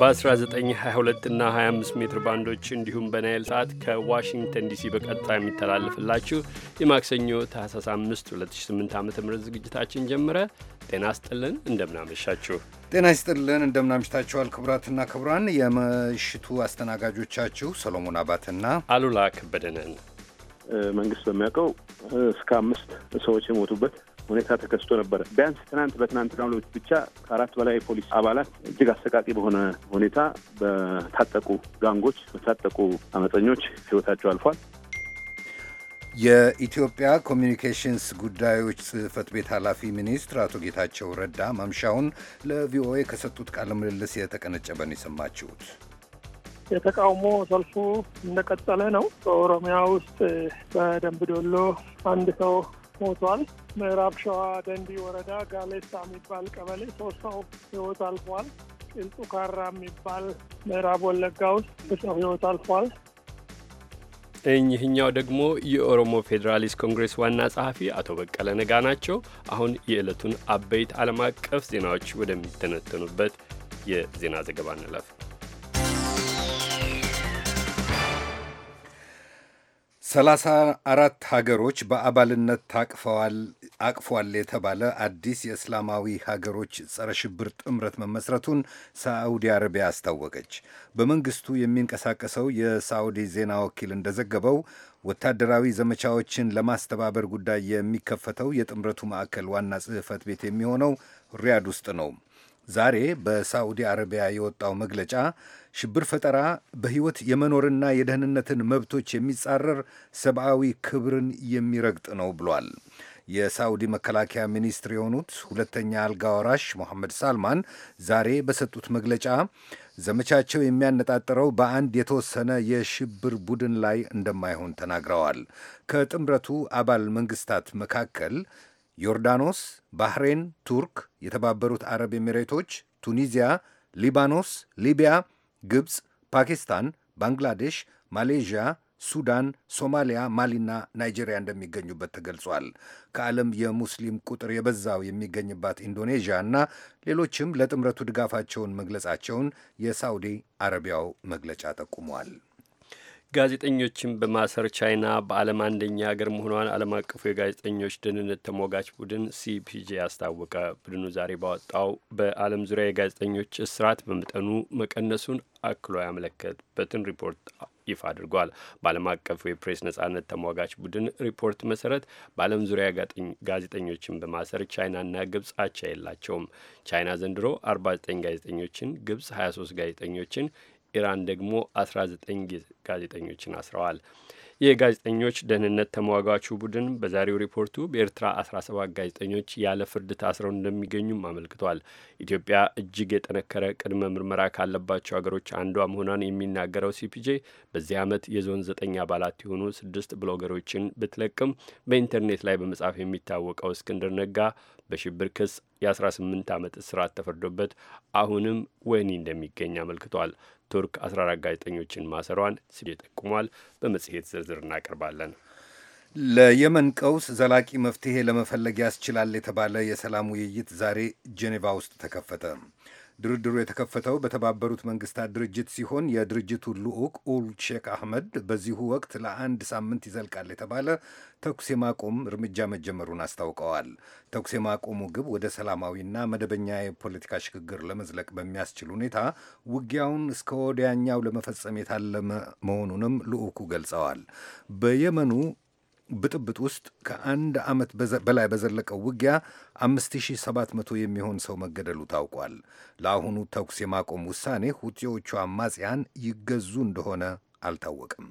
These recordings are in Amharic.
በ1922 እና 25 ሜትር ባንዶች እንዲሁም በናይል ሰዓት ከዋሽንግተን ዲሲ በቀጥታ የሚተላለፍላችሁ የማክሰኞ ታህሳስ 5 2008 ዓ ም ዝግጅታችን ጀምረ። ጤና ይስጥልን፣ እንደምናመሻችሁ። ጤና ይስጥልን፣ እንደምናምሽታችኋል። ክቡራትና ክቡራን የምሽቱ አስተናጋጆቻችሁ ሰሎሞን አባትና አሉላ ከበደ ነን። መንግስት በሚያውቀው እስከ አምስት ሰዎች የሞቱበት ሁኔታ ተከስቶ ነበረ። ቢያንስ ትናንት በትናንትናው ዕለት ብቻ ከአራት በላይ የፖሊስ አባላት እጅግ አሰቃቂ በሆነ ሁኔታ በታጠቁ ጋንጎች፣ በታጠቁ አመፀኞች ህይወታቸው አልፏል። የኢትዮጵያ ኮሚኒኬሽንስ ጉዳዮች ጽህፈት ቤት ኃላፊ ሚኒስትር አቶ ጌታቸው ረዳ ማምሻውን ለቪኦኤ ከሰጡት ቃለ ምልልስ የተቀነጨበን የሰማችሁት። የተቃውሞ ሰልፉ እንደቀጠለ ነው። በኦሮሚያ ውስጥ በደንብ ዶሎ አንድ ሰው ሞቷል። ምዕራብ ሸዋ ደንዲ ወረዳ ጋሌሳ የሚባል ቀበሌ ሶስት ሰው ህይወት አልፏል። ቅልጡ ካራ የሚባል ምዕራብ ወለጋ ውስጥ ሰው ህይወት አልፏል። እኚህኛው ደግሞ የኦሮሞ ፌዴራሊስት ኮንግሬስ ዋና ጸሐፊ አቶ በቀለ ነጋ ናቸው። አሁን የዕለቱን አበይት ዓለም አቀፍ ዜናዎች ወደሚተነተኑበት የዜና ዘገባ እንለፍ። ሰላሳ አራት ሀገሮች በአባልነት ታቅፈዋል አቅፏል የተባለ አዲስ የእስላማዊ ሀገሮች ጸረ ሽብር ጥምረት መመስረቱን ሳዑዲ አረቢያ አስታወቀች። በመንግስቱ የሚንቀሳቀሰው የሳዑዲ ዜና ወኪል እንደዘገበው ወታደራዊ ዘመቻዎችን ለማስተባበር ጉዳይ የሚከፈተው የጥምረቱ ማዕከል ዋና ጽህፈት ቤት የሚሆነው ሪያድ ውስጥ ነው። ዛሬ በሳዑዲ አረቢያ የወጣው መግለጫ ሽብር ፈጠራ በሕይወት የመኖርና የደህንነትን መብቶች የሚጻረር ሰብአዊ ክብርን የሚረግጥ ነው ብሏል። የሳዑዲ መከላከያ ሚኒስትር የሆኑት ሁለተኛ አልጋ ወራሽ ሞሐመድ ሳልማን ዛሬ በሰጡት መግለጫ ዘመቻቸው የሚያነጣጥረው በአንድ የተወሰነ የሽብር ቡድን ላይ እንደማይሆን ተናግረዋል። ከጥምረቱ አባል መንግስታት መካከል ዮርዳኖስ፣ ባህሬን፣ ቱርክ፣ የተባበሩት አረብ ኤሚሬቶች፣ ቱኒዚያ፣ ሊባኖስ፣ ሊቢያ፣ ግብፅ፣ ፓኪስታን፣ ባንግላዴሽ፣ ማሌዥያ ሱዳን፣ ሶማሊያ፣ ማሊና ናይጄሪያ እንደሚገኙበት ተገልጿል። ከዓለም የሙስሊም ቁጥር የበዛው የሚገኝባት ኢንዶኔዥያ እና ሌሎችም ለጥምረቱ ድጋፋቸውን መግለጻቸውን የሳውዲ አረቢያው መግለጫ ጠቁሟል። ጋዜጠኞችን በማሰር ቻይና በዓለም አንደኛ ሀገር መሆኗን ዓለም አቀፉ የጋዜጠኞች ደህንነት ተሟጋች ቡድን ሲፒጄ አስታወቀ። ቡድኑ ዛሬ ባወጣው በዓለም ዙሪያ የጋዜጠኞች እስራት በመጠኑ መቀነሱን አክሎ ያመለከትበትን ሪፖርት ይፋ አድርጓል። በዓለም አቀፉ የፕሬስ ነጻነት ተሟጋች ቡድን ሪፖርት መሰረት በዓለም ዙሪያ ጋዜጠኞችን በማሰር ቻይናና ግብጽ አቻ የላቸውም። ቻይና ዘንድሮ 49 ጋዜጠኞችን፣ ግብጽ 23 ጋዜጠኞችን ኢራን ደግሞ 19 ጋዜጠኞችን አስረዋል። የጋዜጠኞች ደህንነት ተሟጋቹ ቡድን በዛሬው ሪፖርቱ በኤርትራ 17 ጋዜጠኞች ያለ ፍርድ ታስረው እንደሚገኙም አመልክቷል። ኢትዮጵያ እጅግ የጠነከረ ቅድመ ምርመራ ካለባቸው ሀገሮች አንዷ መሆኗን የሚናገረው ሲፒጄ በዚህ ዓመት የዞን ዘጠኝ አባላት የሆኑ ስድስት ብሎገሮችን ብትለቅም በኢንተርኔት ላይ በመጻፍ የሚታወቀው እስክንድር ነጋ በሽብር ክስ የ18 ዓመት እስራት ተፈርዶበት አሁንም ወህኒ እንደሚገኝ አመልክቷል። ቱርክ 14 ጋዜጠኞችን ማሰሯን ሲል ጠቁሟል። በመጽሔት ዝርዝር እናቀርባለን። ለየመን ቀውስ ዘላቂ መፍትሄ ለመፈለግ ያስችላል የተባለ የሰላም ውይይት ዛሬ ጄኔቫ ውስጥ ተከፈተ። ድርድሩ የተከፈተው በተባበሩት መንግስታት ድርጅት ሲሆን የድርጅቱ ልዑክ ኡል ሼክ አህመድ በዚሁ ወቅት ለአንድ ሳምንት ይዘልቃል የተባለ ተኩስ የማቆም እርምጃ መጀመሩን አስታውቀዋል። ተኩስ የማቆሙ ግብ ወደ ሰላማዊና መደበኛ የፖለቲካ ሽግግር ለመዝለቅ በሚያስችል ሁኔታ ውጊያውን እስከ ወዲያኛው ለመፈጸም የታለመ መሆኑንም ልዑኩ ገልጸዋል። በየመኑ ብጥብጥ ውስጥ ከአንድ ዓመት በላይ በዘለቀው ውጊያ 5700 የሚሆን ሰው መገደሉ ታውቋል። ለአሁኑ ተኩስ የማቆም ውሳኔ ሁቲዎቹ አማጽያን ይገዙ እንደሆነ አልታወቅም።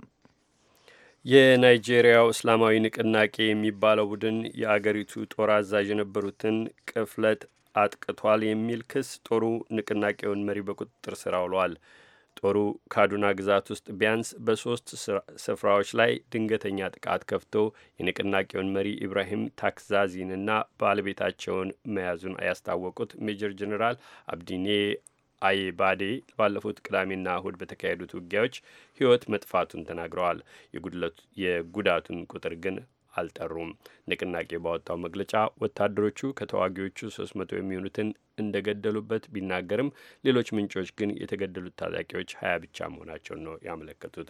የናይጄሪያው እስላማዊ ንቅናቄ የሚባለው ቡድን የአገሪቱ ጦር አዛዥ የነበሩትን ቅፍለት አጥቅቷል የሚል ክስ ጦሩ ንቅናቄውን መሪ በቁጥጥር ስር አውሏል። ጦሩ ካዱና ግዛት ውስጥ ቢያንስ በሶስት ስፍራዎች ላይ ድንገተኛ ጥቃት ከፍቶ የንቅናቄውን መሪ ኢብራሂም ታክዛዚንና ባለቤታቸውን መያዙን ያስታወቁት ሜጀር ጀኔራል አብዲኔ አይባዴ ባለፉት ቅዳሜና እሁድ በተካሄዱት ውጊያዎች ሕይወት መጥፋቱን ተናግረዋል። የጉዳቱን ቁጥር ግን አልጠሩም። ንቅናቄ ባወጣው መግለጫ ወታደሮቹ ከተዋጊዎቹ 300 የሚሆኑትን እንደገደሉበት ቢናገርም ሌሎች ምንጮች ግን የተገደሉት ታጣቂዎች ሀያ ብቻ መሆናቸውን ነው ያመለከቱት።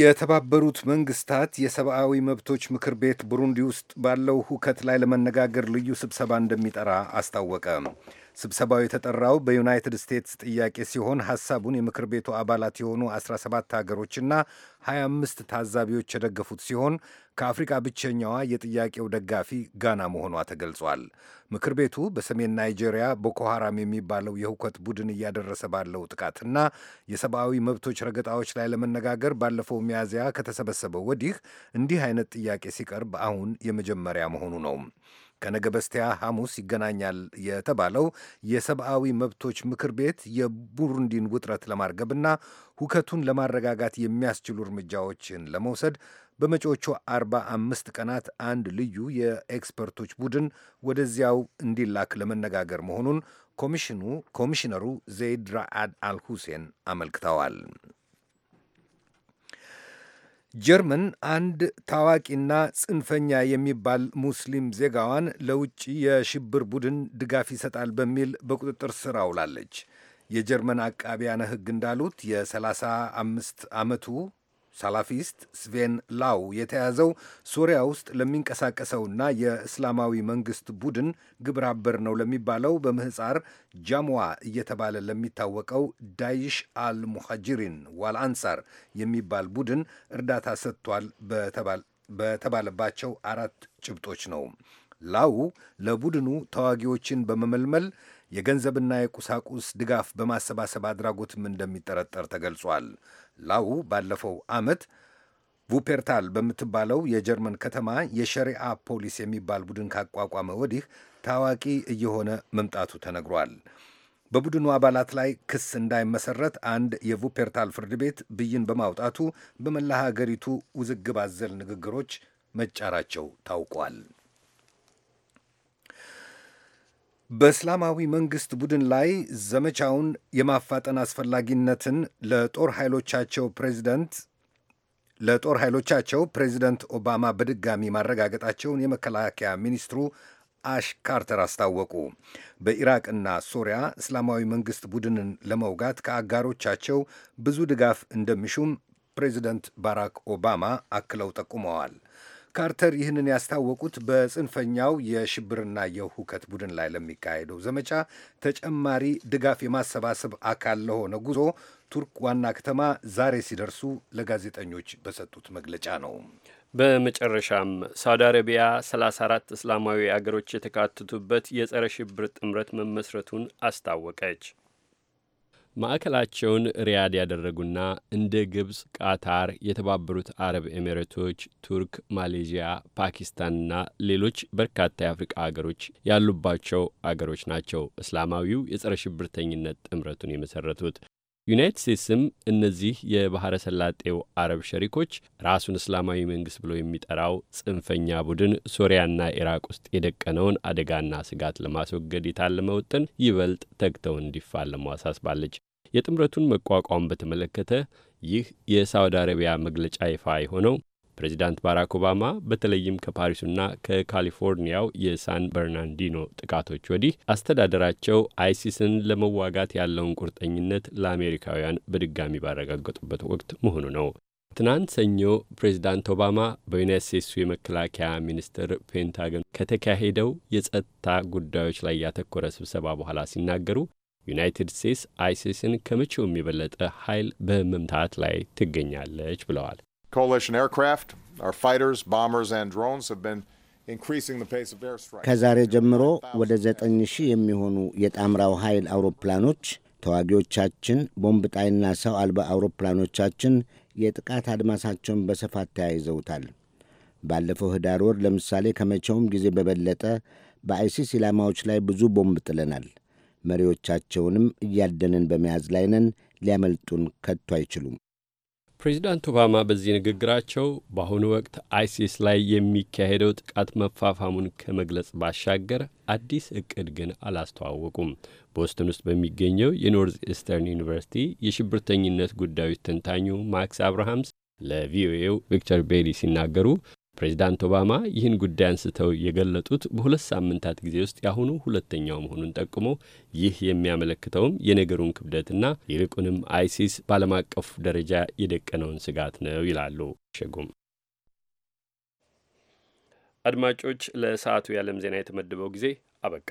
የተባበሩት መንግስታት የሰብአዊ መብቶች ምክር ቤት ቡሩንዲ ውስጥ ባለው ሁከት ላይ ለመነጋገር ልዩ ስብሰባ እንደሚጠራ አስታወቀ። ስብሰባው የተጠራው በዩናይትድ ስቴትስ ጥያቄ ሲሆን ሐሳቡን የምክር ቤቱ አባላት የሆኑ 17 ሀገሮችና 25 ታዛቢዎች የደገፉት ሲሆን ከአፍሪካ ብቸኛዋ የጥያቄው ደጋፊ ጋና መሆኗ ተገልጿል። ምክር ቤቱ በሰሜን ናይጄሪያ ቦኮ ሐራም የሚባለው የሁከት ቡድን እያደረሰ ባለው ጥቃትና የሰብአዊ መብቶች ረገጣዎች ላይ ለመነጋገር ባለፈው ሚያዝያ ከተሰበሰበው ወዲህ እንዲህ አይነት ጥያቄ ሲቀርብ አሁን የመጀመሪያ መሆኑ ነው። ከነገ በስቲያ ሐሙስ ይገናኛል የተባለው የሰብአዊ መብቶች ምክር ቤት የቡሩንዲን ውጥረት ለማርገብና ሁከቱን ለማረጋጋት የሚያስችሉ እርምጃዎችን ለመውሰድ በመጪዎቹ አርባ አምስት ቀናት አንድ ልዩ የኤክስፐርቶች ቡድን ወደዚያው እንዲላክ ለመነጋገር መሆኑን ኮሚሽኑ ኮሚሽነሩ ዘይድ ራአድ አልሁሴን አመልክተዋል። ጀርመን አንድ ታዋቂና ጽንፈኛ የሚባል ሙስሊም ዜጋዋን ለውጭ የሽብር ቡድን ድጋፍ ይሰጣል በሚል በቁጥጥር ስር አውላለች። የጀርመን አቃቢያነ ሕግ እንዳሉት የ35 ዓመቱ ሳላፊስት ስቬን ላው የተያዘው ሱሪያ ውስጥ ለሚንቀሳቀሰውና የእስላማዊ መንግስት ቡድን ግብረ አበር ነው ለሚባለው በምህፃር ጃምዋ እየተባለ ለሚታወቀው ዳይሽ አልሙሐጅሪን ሙሐጅሪን ዋል አንሳር የሚባል ቡድን እርዳታ ሰጥቷል በተባለባቸው አራት ጭብጦች ነው። ላው ለቡድኑ ተዋጊዎችን በመመልመል የገንዘብና የቁሳቁስ ድጋፍ በማሰባሰብ አድራጎትም እንደሚጠረጠር ተገልጿል። ላው ባለፈው ዓመት ቡፔርታል በምትባለው የጀርመን ከተማ የሸሪአ ፖሊስ የሚባል ቡድን ካቋቋመ ወዲህ ታዋቂ እየሆነ መምጣቱ ተነግሯል። በቡድኑ አባላት ላይ ክስ እንዳይመሰረት አንድ የቡፔርታል ፍርድ ቤት ብይን በማውጣቱ በመላ ሀገሪቱ ውዝግብ አዘል ንግግሮች መጫራቸው ታውቋል። በእስላማዊ መንግሥት ቡድን ላይ ዘመቻውን የማፋጠን አስፈላጊነትን ለጦር ኃይሎቻቸው ፕሬዚደንት ለጦር ኃይሎቻቸው ፕሬዚደንት ኦባማ በድጋሚ ማረጋገጣቸውን የመከላከያ ሚኒስትሩ አሽ ካርተር አስታወቁ። በኢራቅና ሶሪያ እስላማዊ መንግሥት ቡድንን ለመውጋት ከአጋሮቻቸው ብዙ ድጋፍ እንደሚሹም ፕሬዚደንት ባራክ ኦባማ አክለው ጠቁመዋል። ካርተር ይህንን ያስታወቁት በጽንፈኛው የሽብርና የሁከት ቡድን ላይ ለሚካሄደው ዘመቻ ተጨማሪ ድጋፍ የማሰባሰብ አካል ለሆነ ጉዞ ቱርክ ዋና ከተማ ዛሬ ሲደርሱ ለጋዜጠኞች በሰጡት መግለጫ ነው። በመጨረሻም ሳውዲ አረቢያ 34 እስላማዊ አገሮች የተካተቱበት የጸረ ሽብር ጥምረት መመስረቱን አስታወቀች። ማዕከላቸውን ሪያድ ያደረጉና እንደ ግብፅ፣ ቃታር፣ የተባበሩት አረብ ኤሚሬቶች፣ ቱርክ፣ ማሌዥያ፣ ፓኪስታንና ሌሎች በርካታ የአፍሪቃ አገሮች ያሉባቸው አገሮች ናቸው። እስላማዊው የጸረ ሽብርተኝነት ጥምረቱን የመሠረቱት ዩናይት ስቴትስም እነዚህ የባሕረ ሰላጤው አረብ ሸሪኮች ራሱን እስላማዊ መንግሥት ብሎ የሚጠራው ጽንፈኛ ቡድን ሶሪያና ኢራቅ ውስጥ የደቀነውን አደጋና ስጋት ለማስወገድ የታለመ ውጥን ይበልጥ ተግተው እንዲፋለሙ አሳስባለች። የጥምረቱን መቋቋም በተመለከተ ይህ የሳውዲ አረቢያ መግለጫ ይፋ የሆነው ፕሬዚዳንት ባራክ ኦባማ በተለይም ከፓሪሱና ከካሊፎርኒያው የሳን በርናንዲኖ ጥቃቶች ወዲህ አስተዳደራቸው አይሲስን ለመዋጋት ያለውን ቁርጠኝነት ለአሜሪካውያን በድጋሚ ባረጋገጡበት ወቅት መሆኑ ነው። ትናንት ሰኞ ፕሬዚዳንት ኦባማ በዩናይት ስቴትሱ የመከላከያ ሚኒስቴር ፔንታገን ከተካሄደው የጸጥታ ጉዳዮች ላይ ያተኮረ ስብሰባ በኋላ ሲናገሩ ዩናይትድ ስቴትስ አይሲስን ከመቼውም የበለጠ ኃይል በመምታት ላይ ትገኛለች ብለዋል። coalition aircraft, our fighters, bombers, and drones have been ከዛሬ ጀምሮ ወደ ዘጠኝ ሺህ የሚሆኑ የጣምራው ኃይል አውሮፕላኖች፣ ተዋጊዎቻችን፣ ቦምብ ጣይና ሰው አልባ አውሮፕላኖቻችን የጥቃት አድማሳቸውን በስፋት ተያይዘውታል። ባለፈው ህዳር ወር ለምሳሌ ከመቼውም ጊዜ በበለጠ በአይሲስ ኢላማዎች ላይ ብዙ ቦምብ ጥለናል። መሪዎቻቸውንም እያደንን በመያዝ ላይ ነን። ሊያመልጡን ከቶ አይችሉም። ፕሬዚዳንት ኦባማ በዚህ ንግግራቸው በአሁኑ ወቅት አይሲስ ላይ የሚካሄደው ጥቃት መፋፋሙን ከመግለጽ ባሻገር አዲስ እቅድ ግን አላስተዋወቁም። ቦስተን ውስጥ በሚገኘው የኖርዝ ኢስተርን ዩኒቨርሲቲ የሽብርተኝነት ጉዳዮች ተንታኙ ማክስ አብርሃምስ ለቪኦኤው ቪክተር ቤሪ ሲናገሩ ፕሬዚዳንት ኦባማ ይህን ጉዳይ አንስተው የገለጡት በሁለት ሳምንታት ጊዜ ውስጥ ያሁኑ ሁለተኛው መሆኑን ጠቅሞ ይህ የሚያመለክተውም የነገሩን ክብደትና ይልቁንም አይሲስ በዓለም አቀፍ ደረጃ የደቀነውን ስጋት ነው ይላሉ ሸጉም። አድማጮች፣ ለሰዓቱ የዓለም ዜና የተመደበው ጊዜ አበቃ።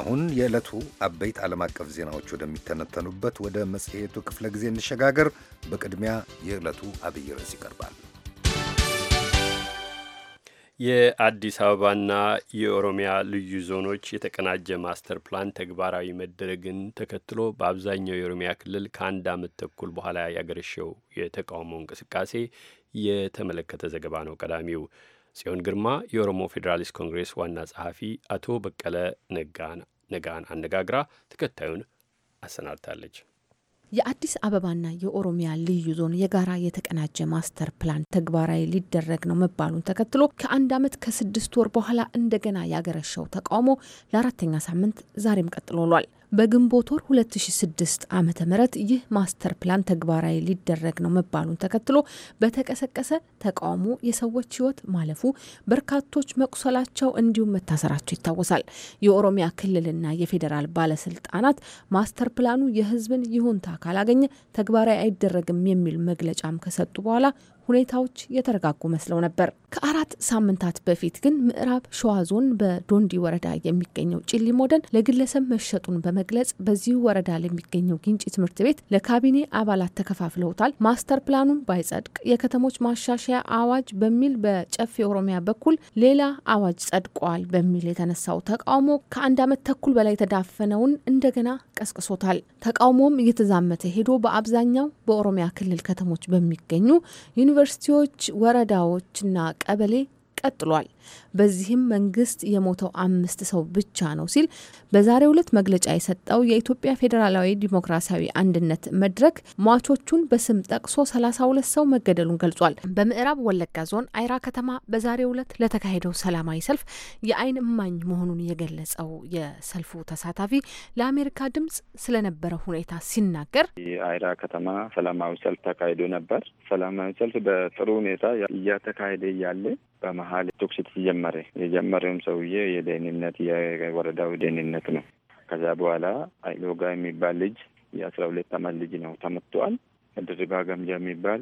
አሁን የዕለቱ አበይት ዓለም አቀፍ ዜናዎች ወደሚተነተኑበት ወደ መጽሔቱ ክፍለ ጊዜ እንሸጋገር። በቅድሚያ የዕለቱ አብይ ርዕስ ይቀርባል። የአዲስ አበባና የኦሮሚያ ልዩ ዞኖች የተቀናጀ ማስተር ፕላን ተግባራዊ መደረግን ተከትሎ በአብዛኛው የኦሮሚያ ክልል ከአንድ ዓመት ተኩል በኋላ ያገረሸው የተቃውሞ እንቅስቃሴ የተመለከተ ዘገባ ነው ቀዳሚው። ጽዮን ግርማ የኦሮሞ ፌዴራሊስት ኮንግሬስ ዋና ጸሐፊ አቶ በቀለ ነጋን አነጋግራ ተከታዩን አሰናድታለች። የአዲስ አበባና የኦሮሚያ ልዩ ዞን የጋራ የተቀናጀ ማስተር ፕላን ተግባራዊ ሊደረግ ነው መባሉን ተከትሎ ከአንድ ዓመት ከስድስት ወር በኋላ እንደገና ያገረሸው ተቃውሞ ለአራተኛ ሳምንት ዛሬም ቀጥሎ በግንቦት ወር 2006 ዓ ም ይህ ማስተር ፕላን ተግባራዊ ሊደረግ ነው መባሉን ተከትሎ በተቀሰቀሰ ተቃውሞ የሰዎች ህይወት ማለፉ፣ በርካቶች መቁሰላቸው እንዲሁም መታሰራቸው ይታወሳል። የኦሮሚያ ክልልና የፌዴራል ባለስልጣናት ማስተር ፕላኑ የህዝብን ይሁንታ ካላገኘ ተግባራዊ አይደረግም የሚል መግለጫም ከሰጡ በኋላ ሁኔታዎች የተረጋጉ መስለው ነበር። ከአራት ሳምንታት በፊት ግን ምዕራብ ሸዋ ዞን በዶንዲ ወረዳ የሚገኘው ጭሊ ሞደን ለግለሰብ መሸጡን በመግለጽ በዚሁ ወረዳ ለሚገኘው ግንጭ ትምህርት ቤት ለካቢኔ አባላት ተከፋፍለውታል። ማስተር ፕላኑን ባይጸድቅ የከተሞች ማሻሻያ አዋጅ በሚል በጨፌ ኦሮሚያ በኩል ሌላ አዋጅ ጸድቋል በሚል የተነሳው ተቃውሞ ከአንድ ዓመት ተኩል በላይ የተዳፈነውን እንደገና ቀስቅሶታል። ተቃውሞም እየተዛመተ ሄዶ በአብዛኛው በኦሮሚያ ክልል ከተሞች በሚገኙ ዩኒቨርሲቲዎች፣ ወረዳዎችና ቀበሌ ቀጥሏል። በዚህም መንግስት የሞተው አምስት ሰው ብቻ ነው ሲል በዛሬው ዕለት መግለጫ የሰጠው የኢትዮጵያ ፌዴራላዊ ዲሞክራሲያዊ አንድነት መድረክ ሟቾቹን በስም ጠቅሶ 32 ሰው መገደሉን ገልጿል። በምዕራብ ወለጋ ዞን አይራ ከተማ በዛሬው ዕለት ለተካሄደው ሰላማዊ ሰልፍ የአይን እማኝ መሆኑን የገለጸው የሰልፉ ተሳታፊ ለአሜሪካ ድምጽ ስለነበረው ሁኔታ ሲናገር የአይራ ከተማ ሰላማዊ ሰልፍ ተካሂዶ ነበር። ሰላማዊ ሰልፍ በጥሩ ሁኔታ እያተካሄደ እያለ መሀል ቶክሲት ጀመረ። የጀመረውም ሰውዬ የደህንነት የወረዳው ደህንነት ነው። ከዛ በኋላ አይሎጋ የሚባል ልጅ የአስራ ሁለት አመት ልጅ ነው ተመቷል። ድርባ ገምጃ የሚባል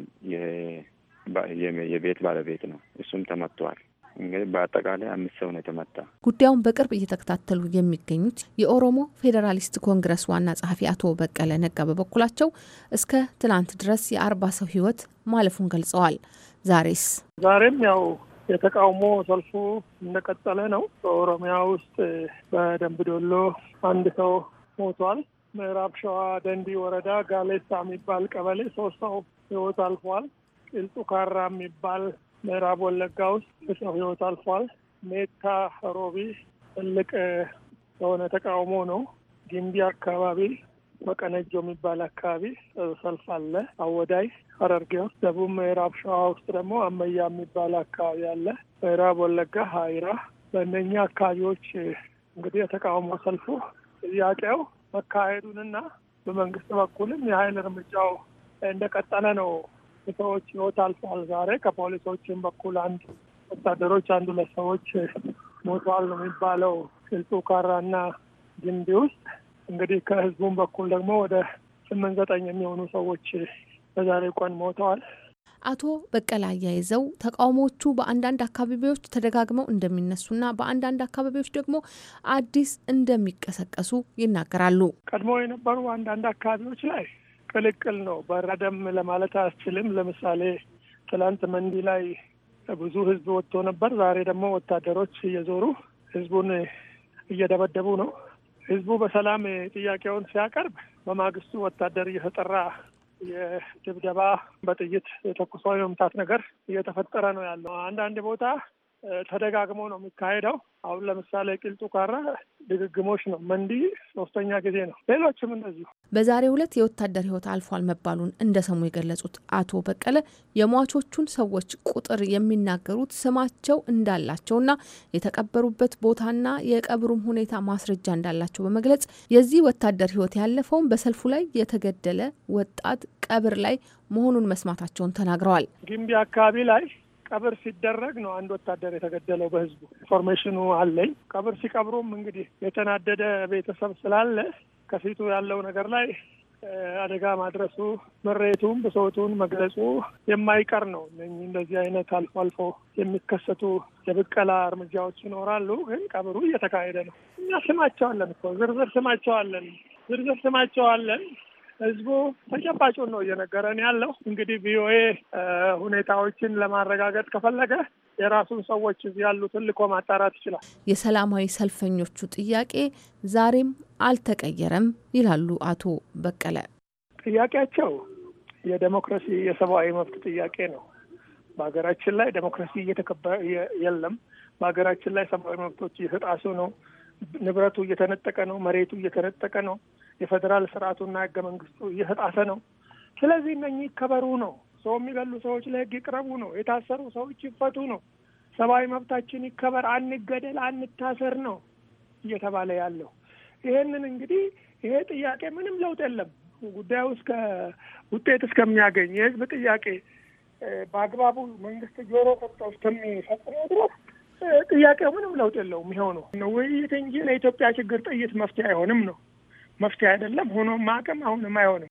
የቤት ባለቤት ነው፣ እሱም ተመቷል። እንግዲህ በአጠቃላይ አምስት ሰው ነው የተመታ። ጉዳዩን በቅርብ እየተከታተሉ የሚገኙት የኦሮሞ ፌዴራሊስት ኮንግረስ ዋና ጸሐፊ አቶ በቀለ ነጋ በበኩላቸው እስከ ትናንት ድረስ የአርባ ሰው ህይወት ማለፉን ገልጸዋል። ዛሬስ ዛሬም ያው የተቃውሞ ሰልፉ እንደቀጠለ ነው። በኦሮሚያ ውስጥ በደንብ ዶሎ አንድ ሰው ሞቷል። ምዕራብ ሸዋ ደንዲ ወረዳ ጋሌሳ የሚባል ቀበሌ ሶስት ሰው ህይወት አልፏል። ቅልጡ ካራ የሚባል ምዕራብ ወለጋ ውስጥ ሰው ህይወት አልፏል። ሜታ ሮቢ ትልቅ የሆነ ተቃውሞ ነው። ጊምቢ አካባቢ መቀነጆ የሚባል አካባቢ ሰልፍ አለ። አወዳይ፣ ሐረርጌ ውስጥ፣ ደቡብ ምዕራብ ሸዋ ውስጥ ደግሞ አመያ የሚባል አካባቢ አለ። ምዕራብ ወለጋ ሀይራ። በእነኛ አካባቢዎች እንግዲህ የተቃውሞ ሰልፉ ጥያቄው መካሄዱንና በመንግስት በኩልም የሀይል እርምጃው እንደቀጠለ ነው። ሰዎች ህይወት አልፏል። ዛሬ ከፖሊሶችም በኩል አንድ ወታደሮች አንዱ ለሰዎች ሰዎች ሞቷል ነው የሚባለው ስልጡ ካራና ግንቢ ውስጥ እንግዲህ ከህዝቡም በኩል ደግሞ ወደ ስምንት ዘጠኝ የሚሆኑ ሰዎች በዛሬ ቀን ሞተዋል። አቶ በቀለ አያይዘው ተቃውሞዎቹ በአንዳንድ አካባቢዎች ተደጋግመው እንደሚነሱና በአንዳንድ አካባቢዎች ደግሞ አዲስ እንደሚቀሰቀሱ ይናገራሉ። ቀድሞ የነበሩ አንዳንድ አካባቢዎች ላይ ቅልቅል ነው፣ በረደም ለማለት አያስችልም። ለምሳሌ ትላንት መንዲ ላይ ብዙ ህዝብ ወጥቶ ነበር። ዛሬ ደግሞ ወታደሮች እየዞሩ ህዝቡን እየደበደቡ ነው። ህዝቡ በሰላም ጥያቄውን ሲያቀርብ በማግስቱ ወታደር እየተጠራ የድብደባ በጥይት ተኩሶ የመምታት ነገር እየተፈጠረ ነው ያለው። አንዳንድ ቦታ ተደጋግሞ ነው የሚካሄደው። አሁን ለምሳሌ ቂልጡ ካራ ድግግሞች ነው። መንዲ ሶስተኛ ጊዜ ነው። ሌሎችም እንደዚሁ። በዛሬው ዕለት የወታደር ህይወት አልፏል መባሉን እንደሰሙ የገለጹት አቶ በቀለ የሟቾቹን ሰዎች ቁጥር የሚናገሩት ስማቸው እንዳላቸውና የተቀበሩበት ቦታና የቀብሩም ሁኔታ ማስረጃ እንዳላቸው በመግለጽ የዚህ ወታደር ህይወት ያለፈውን በሰልፉ ላይ የተገደለ ወጣት ቀብር ላይ መሆኑን መስማታቸውን ተናግረዋል። ግንቢ አካባቢ ላይ ቀብር ሲደረግ ነው አንድ ወታደር የተገደለው በህዝቡ ኢንፎርሜሽኑ አለኝ። ቀብር ሲቀብሩም እንግዲህ የተናደደ ቤተሰብ ስላለ ከፊቱ ያለው ነገር ላይ አደጋ ማድረሱ ምሬቱን፣ ብሶቱን መግለጹ የማይቀር ነው። እንደዚህ አይነት አልፎ አልፎ የሚከሰቱ የብቀላ እርምጃዎች ይኖራሉ። ግን ቀብሩ እየተካሄደ ነው። እኛ ስማቸዋለን እኮ ዝርዝር ስማቸዋለን ዝርዝር ስማቸዋለን ህዝቡ ተጨባጩን ነው እየነገረን ያለው። እንግዲህ ቪኦኤ ሁኔታዎችን ለማረጋገጥ ከፈለገ የራሱን ሰዎች እዚህ ያሉትን ልኮ ማጣራት ይችላል። የሰላማዊ ሰልፈኞቹ ጥያቄ ዛሬም አልተቀየረም ይላሉ አቶ በቀለ። ጥያቄያቸው የዴሞክራሲ የሰብአዊ መብት ጥያቄ ነው። በሀገራችን ላይ ዴሞክራሲ እየተከበረ የለም። በሀገራችን ላይ ሰብአዊ መብቶች እየተጣሱ ነው። ንብረቱ እየተነጠቀ ነው። መሬቱ እየተነጠቀ ነው። የፌዴራል ስርዓቱና ህገ መንግስቱ እየተጣሰ ነው። ስለዚህ እነኚህ ይከበሩ ነው። ሰው የሚገሉ ሰዎች ለህግ ይቅረቡ ነው። የታሰሩ ሰዎች ይፈቱ ነው። ሰብአዊ መብታችን ይከበር፣ አንገደል፣ አንታሰር ነው እየተባለ ያለው። ይሄንን እንግዲህ ይሄ ጥያቄ ምንም ለውጥ የለም። ጉዳዩ እስከ ውጤት እስከሚያገኝ የህዝብ ጥያቄ በአግባቡ መንግስት ጆሮ ሰጥቶ እስከሚፈጽመው ድረስ ጥያቄው ምንም ለውጥ የለውም። ይኸው ነው ውይይት እንጂ ለኢትዮጵያ ችግር ጥይት መፍትሄ አይሆንም ነው መፍትሄ አይደለም። ሆኖ ማቅም አሁንም አይሆንም።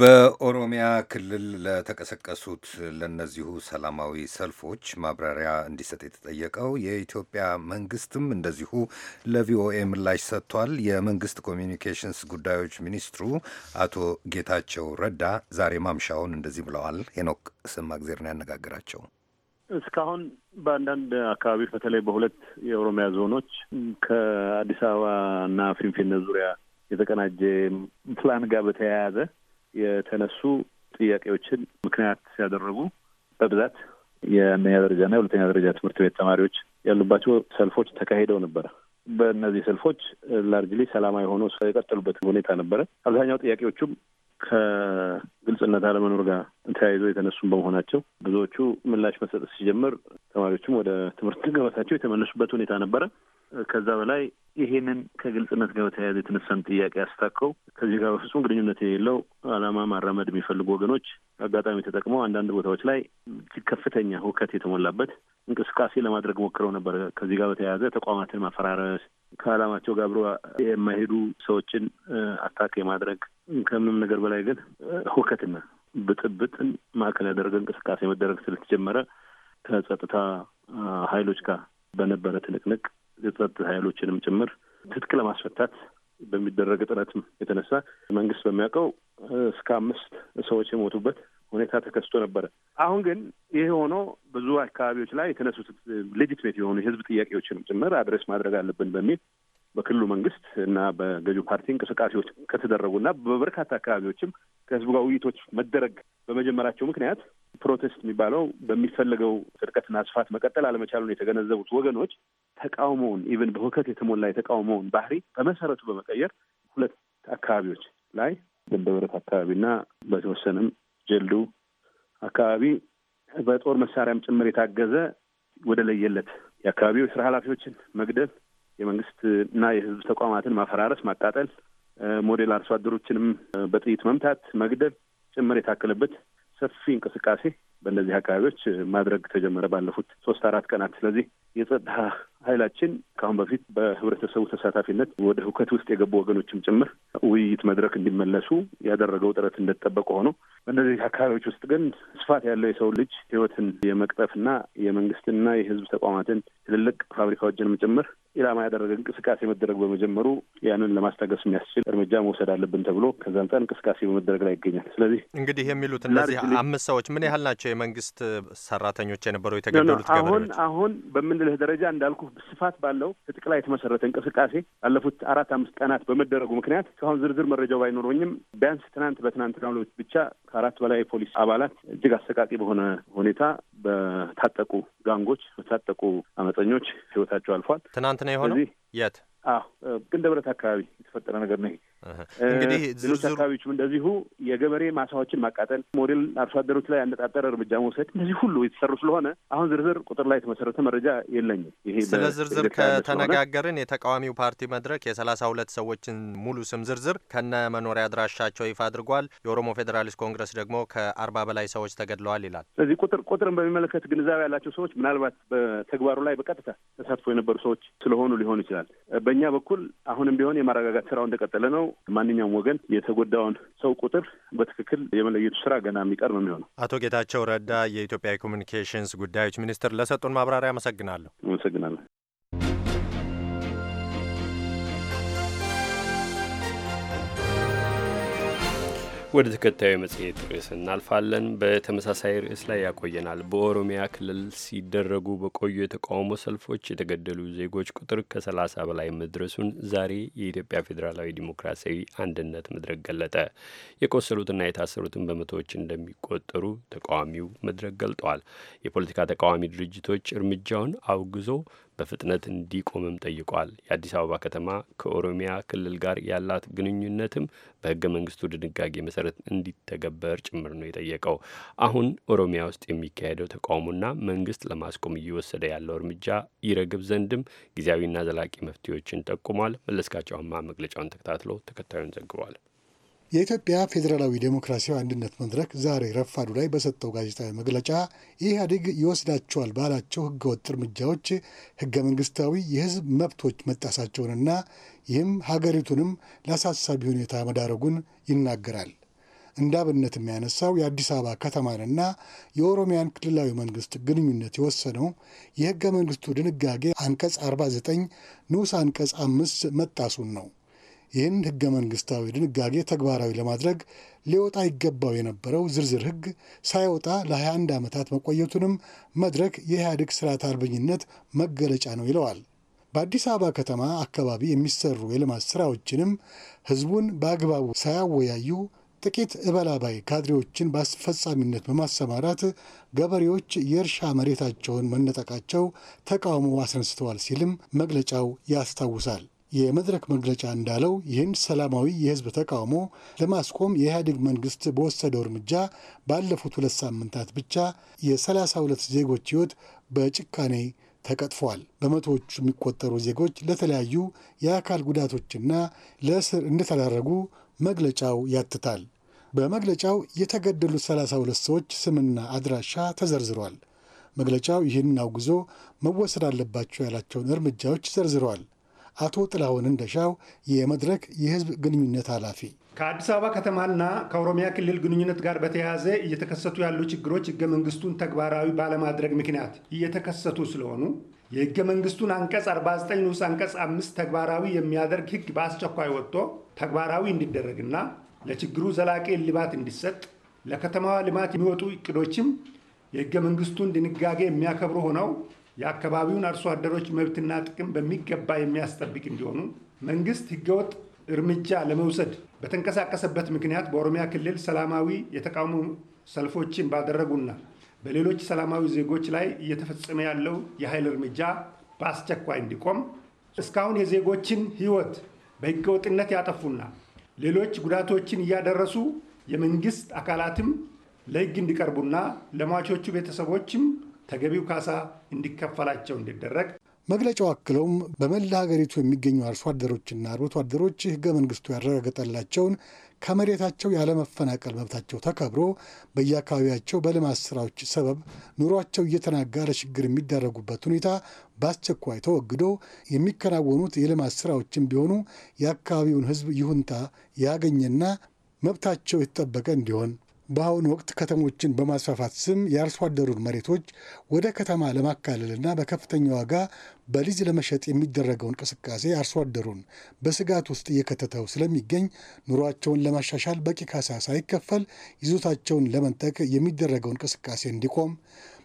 በኦሮሚያ ክልል ለተቀሰቀሱት ለእነዚሁ ሰላማዊ ሰልፎች ማብራሪያ እንዲሰጥ የተጠየቀው የኢትዮጵያ መንግስትም እንደዚሁ ለቪኦኤ ምላሽ ሰጥቷል። የመንግስት ኮሚኒኬሽንስ ጉዳዮች ሚኒስትሩ አቶ ጌታቸው ረዳ ዛሬ ማምሻውን እንደዚህ ብለዋል። ሄኖክ ስማግዜር ነው ያነጋግራቸው። እስካሁን በአንዳንድ አካባቢ በተለይ በሁለት የኦሮሚያ ዞኖች ከአዲስ አበባ እና ፊንፊኔ ዙሪያ የተቀናጀ ፕላን ጋር በተያያዘ የተነሱ ጥያቄዎችን ምክንያት ሲያደረጉ በብዛት የአንደኛ ደረጃና የሁለተኛ ደረጃ ትምህርት ቤት ተማሪዎች ያሉባቸው ሰልፎች ተካሂደው ነበረ። በእነዚህ ሰልፎች ላርጅሊ ሰላማዊ ሆኖ የቀጠሉበት ሁኔታ ነበረ። አብዛኛው ጥያቄዎቹም ከ ግልጽነት አለመኖር ጋር ተያይዞ የተነሱም በመሆናቸው ብዙዎቹ ምላሽ መሰጠት ሲጀምር ተማሪዎችም ወደ ትምህርት ገበታቸው የተመለሱበት ሁኔታ ነበረ። ከዛ በላይ ይሄንን ከግልጽነት ጋር በተያያዘ የተነሳን ጥያቄ ያስታከው ከዚህ ጋር በፍጹም ግንኙነት የሌለው ዓላማ ማራመድ የሚፈልጉ ወገኖች አጋጣሚ ተጠቅመው አንዳንድ ቦታዎች ላይ እጅግ ከፍተኛ ሁከት የተሞላበት እንቅስቃሴ ለማድረግ ሞክረው ነበር። ከዚህ ጋር በተያያዘ ተቋማትን ማፈራረስ፣ ከዓላማቸው ጋር አብሮ የማይሄዱ ሰዎችን አታክ የማድረግ ከምንም ነገር በላይ ግን ሁከት መግባባትና ብጥብጥን ማዕከል ያደረገ እንቅስቃሴ መደረግ ስለተጀመረ ከጸጥታ ኃይሎች ጋር በነበረ ትንቅንቅ የጸጥታ ኃይሎችንም ጭምር ትጥቅ ለማስፈታት በሚደረግ ጥረትም የተነሳ መንግስት በሚያውቀው እስከ አምስት ሰዎች የሞቱበት ሁኔታ ተከስቶ ነበረ። አሁን ግን ይሄ ሆኖ ብዙ አካባቢዎች ላይ የተነሱት ሌጂትሜት የሆኑ የህዝብ ጥያቄዎችንም ጭምር አድሬስ ማድረግ አለብን በሚል በክልሉ መንግስት እና በገዢው ፓርቲ እንቅስቃሴዎች ከተደረጉና በበርካታ አካባቢዎችም ከህዝቡ ጋር ውይይቶች መደረግ በመጀመራቸው ምክንያት ፕሮቴስት የሚባለው በሚፈለገው ጥልቀትና ስፋት መቀጠል አለመቻሉን የተገነዘቡት ወገኖች ተቃውሞውን ኢቨን በሁከት የተሞላ የተቃውሞውን ባህሪ በመሰረቱ በመቀየር ሁለት አካባቢዎች ላይ ደንበበረት አካባቢና በተወሰነም ጀልዱ አካባቢ በጦር መሳሪያም ጭምር የታገዘ ወደ ለየለት የአካባቢው የስራ ኃላፊዎችን መግደል የመንግስት እና የህዝብ ተቋማትን ማፈራረስ፣ ማቃጠል፣ ሞዴል አርሶ አደሮችንም በጥይት መምታት፣ መግደል ጭምር የታከለበት ሰፊ እንቅስቃሴ በእነዚህ አካባቢዎች ማድረግ ተጀመረ ባለፉት ሶስት አራት ቀናት። ስለዚህ የጸጥታ ኃይላችን ከአሁን በፊት በህብረተሰቡ ተሳታፊነት ወደ ህውከት ውስጥ የገቡ ወገኖችም ጭምር ውይይት መድረክ እንዲመለሱ ያደረገው ጥረት እንደተጠበቀ ሆኖ በእነዚህ አካባቢዎች ውስጥ ግን ስፋት ያለው የሰው ልጅ ህይወትን የመቅጠፍና የመንግስትና የህዝብ ተቋማትን ትልልቅ ፋብሪካዎችንም ጭምር ኢላማ ያደረገ እንቅስቃሴ መደረግ በመጀመሩ ያንን ለማስታገስ የሚያስችል እርምጃ መውሰድ አለብን ተብሎ ከዛ አንጻር እንቅስቃሴ በመደረግ ላይ ይገኛል። ስለዚህ እንግዲህ የሚሉት እነዚህ አምስት ሰዎች ምን ያህል ናቸው? የመንግስት ሰራተኞች የነበረው የተገደሉት ገበሬዎች አሁን አሁን በምን በምልህ ደረጃ እንዳልኩ ስፋት ባለው ትጥቅ ላይ የተመሰረተ እንቅስቃሴ ባለፉት አራት አምስት ቀናት በመደረጉ ምክንያት እስካሁን ዝርዝር መረጃው ባይኖረኝም ቢያንስ ትናንት በትናንትናው ሌሊት ብቻ ከአራት በላይ የፖሊስ አባላት እጅግ አሰቃቂ በሆነ ሁኔታ በታጠቁ ጋንጎች በታጠቁ አመፀኞች ህይወታቸው አልፏል። ትናንት ነው የሆነው። የት? አዎ፣ ግን ደብረት አካባቢ የተፈጠረ ነገር ነው። እንግዲህ ሌሎች አካባቢዎችም እንደዚሁ የገበሬ ማሳዎችን ማቃጠል፣ ሞዴል አርሶ አደሮች ላይ ያነጣጠረ እርምጃ መውሰድ፣ እነዚህ ሁሉ የተሰሩ ስለሆነ አሁን ዝርዝር ቁጥር ላይ የተመሰረተ መረጃ የለኝም። ይሄ ስለ ዝርዝር ከተነጋገርን የተቃዋሚው ፓርቲ መድረክ የሰላሳ ሁለት ሰዎችን ሙሉ ስም ዝርዝር ከነ መኖሪያ አድራሻቸው ይፋ አድርጓል። የኦሮሞ ፌዴራሊስት ኮንግረስ ደግሞ ከአርባ በላይ ሰዎች ተገድለዋል ይላል። ስለዚህ ቁጥር ቁጥርን በሚመለከት ግንዛቤ ያላቸው ሰዎች ምናልባት በተግባሩ ላይ በቀጥታ ተሳትፎ የነበሩ ሰዎች ስለሆኑ ሊሆኑ ይችላል። በእኛ በኩል አሁንም ቢሆን የማረጋጋት ስራው እንደቀጠለ ነው። ማንኛውም ወገን የተጎዳውን ሰው ቁጥር በትክክል የመለየቱ ስራ ገና የሚቀር ነው የሚሆነው። አቶ ጌታቸው ረዳ የኢትዮጵያ የኮሚኒኬሽንስ ጉዳዮች ሚኒስትር ለሰጡን ማብራሪያ አመሰግናለሁ። አመሰግናለሁ። ወደ ተከታዩ መጽሔት ርዕስ እናልፋለን። በተመሳሳይ ርዕስ ላይ ያቆየናል። በኦሮሚያ ክልል ሲደረጉ በቆዩ የተቃውሞ ሰልፎች የተገደሉ ዜጎች ቁጥር ከሰላሳ በላይ መድረሱን ዛሬ የኢትዮጵያ ፌዴራላዊ ዲሞክራሲያዊ አንድነት መድረክ ገለጠ። የቆሰሉትና የታሰሩትን በመቶዎች እንደሚቆጠሩ ተቃዋሚው መድረክ ገልጠዋል። የፖለቲካ ተቃዋሚ ድርጅቶች እርምጃውን አውግዞ በፍጥነት እንዲቆምም ጠይቋል። የአዲስ አበባ ከተማ ከኦሮሚያ ክልል ጋር ያላት ግንኙነትም በህገ መንግስቱ ድንጋጌ መሰረት እንዲተገበር ጭምር ነው የጠየቀው። አሁን ኦሮሚያ ውስጥ የሚካሄደው ተቃውሞና መንግስት ለማስቆም እየወሰደ ያለው እርምጃ ይረግብ ዘንድም ጊዜያዊና ዘላቂ መፍትሄዎችን ጠቁሟል። መለስካቸውማ መግለጫውን ተከታትሎ ተከታዩን ዘግቧል። የኢትዮጵያ ፌዴራላዊ ዴሞክራሲያዊ አንድነት መድረክ ዛሬ ረፋዱ ላይ በሰጠው ጋዜጣዊ መግለጫ ኢህአዴግ ይወስዳቸዋል ባላቸው ህገወጥ እርምጃዎች ህገ መንግስታዊ የህዝብ መብቶች መጣሳቸውንና ይህም ሀገሪቱንም ለአሳሳቢ ሁኔታ መዳረጉን ይናገራል። እንደ አብነት የሚያነሳው የአዲስ አበባ ከተማንና የኦሮሚያን ክልላዊ መንግስት ግንኙነት የወሰነው የህገ መንግስቱ ድንጋጌ አንቀጽ 49 ንዑስ አንቀጽ አምስት መጣሱን ነው። ይህን ህገ መንግስታዊ ድንጋጌ ተግባራዊ ለማድረግ ሊወጣ ይገባው የነበረው ዝርዝር ህግ ሳይወጣ ለ21 ዓመታት መቆየቱንም መድረክ የኢህአዴግ ስርዓት አልበኝነት መገለጫ ነው ይለዋል። በአዲስ አበባ ከተማ አካባቢ የሚሰሩ የልማት ስራዎችንም ህዝቡን በአግባቡ ሳያወያዩ ጥቂት እበላባይ ካድሬዎችን በአስፈጻሚነት በማሰማራት ገበሬዎች የእርሻ መሬታቸውን መነጠቃቸው ተቃውሞ አስነስተዋል ሲልም መግለጫው ያስታውሳል። የመድረክ መግለጫ እንዳለው ይህን ሰላማዊ የህዝብ ተቃውሞ ለማስቆም የኢህአዴግ መንግስት በወሰደው እርምጃ ባለፉት ሁለት ሳምንታት ብቻ የ32 ዜጎች ህይወት በጭካኔ ተቀጥፏል። በመቶዎቹ የሚቆጠሩ ዜጎች ለተለያዩ የአካል ጉዳቶችና ለእስር እንደተዳረጉ መግለጫው ያትታል። በመግለጫው የተገደሉት 32 ሰዎች ስምና አድራሻ ተዘርዝሯል። መግለጫው ይህንን አውግዞ መወሰድ አለባቸው ያላቸውን እርምጃዎች ዘርዝረዋል። አቶ ጥላሁን እንደሻው የመድረክ የህዝብ ግንኙነት ኃላፊ ከአዲስ አበባ ከተማና ከኦሮሚያ ክልል ግንኙነት ጋር በተያያዘ እየተከሰቱ ያሉ ችግሮች ህገ መንግስቱን ተግባራዊ ባለማድረግ ምክንያት እየተከሰቱ ስለሆኑ የህገ መንግስቱን አንቀጽ 49 ንዑስ አንቀጽ አምስት ተግባራዊ የሚያደርግ ህግ በአስቸኳይ ወጥቶ ተግባራዊ እንዲደረግና ለችግሩ ዘላቂ እልባት እንዲሰጥ ለከተማዋ ልማት የሚወጡ እቅዶችም የህገ መንግስቱን ድንጋጌ የሚያከብሩ ሆነው የአካባቢውን አርሶ አደሮች መብትና ጥቅም በሚገባ የሚያስጠብቅ እንዲሆኑ መንግስት ህገወጥ እርምጃ ለመውሰድ በተንቀሳቀሰበት ምክንያት በኦሮሚያ ክልል ሰላማዊ የተቃውሞ ሰልፎችን ባደረጉና በሌሎች ሰላማዊ ዜጎች ላይ እየተፈጸመ ያለው የኃይል እርምጃ በአስቸኳይ እንዲቆም፣ እስካሁን የዜጎችን ህይወት በህገወጥነት ያጠፉና ሌሎች ጉዳቶችን እያደረሱ የመንግስት አካላትም ለህግ እንዲቀርቡና ለሟቾቹ ቤተሰቦችም ተገቢው ካሳ እንዲከፈላቸው እንዲደረግ መግለጫው አክለውም በመላ ሀገሪቱ የሚገኙ አርሶ አደሮችና አርብቶ አደሮች ህገ መንግስቱ ያረጋገጠላቸውን ከመሬታቸው ያለመፈናቀል መብታቸው ተከብሮ በየአካባቢያቸው በልማት ስራዎች ሰበብ ኑሯቸው እየተናጋ ለችግር የሚዳረጉበት ሁኔታ በአስቸኳይ ተወግዶ የሚከናወኑት የልማት ስራዎችን ቢሆኑ የአካባቢውን ህዝብ ይሁንታ ያገኘና መብታቸው የተጠበቀ እንዲሆን በአሁኑ ወቅት ከተሞችን በማስፋፋት ስም የአርሶ አደሩን መሬቶች ወደ ከተማ ለማካለልና በከፍተኛ ዋጋ በሊዝ ለመሸጥ የሚደረገው እንቅስቃሴ አርሶ አደሩን በስጋት ውስጥ እየከተተው ስለሚገኝ ኑሯቸውን ለማሻሻል በቂ ካሳ ሳይከፈል ይዞታቸውን ለመንጠቅ የሚደረገው እንቅስቃሴ እንዲቆም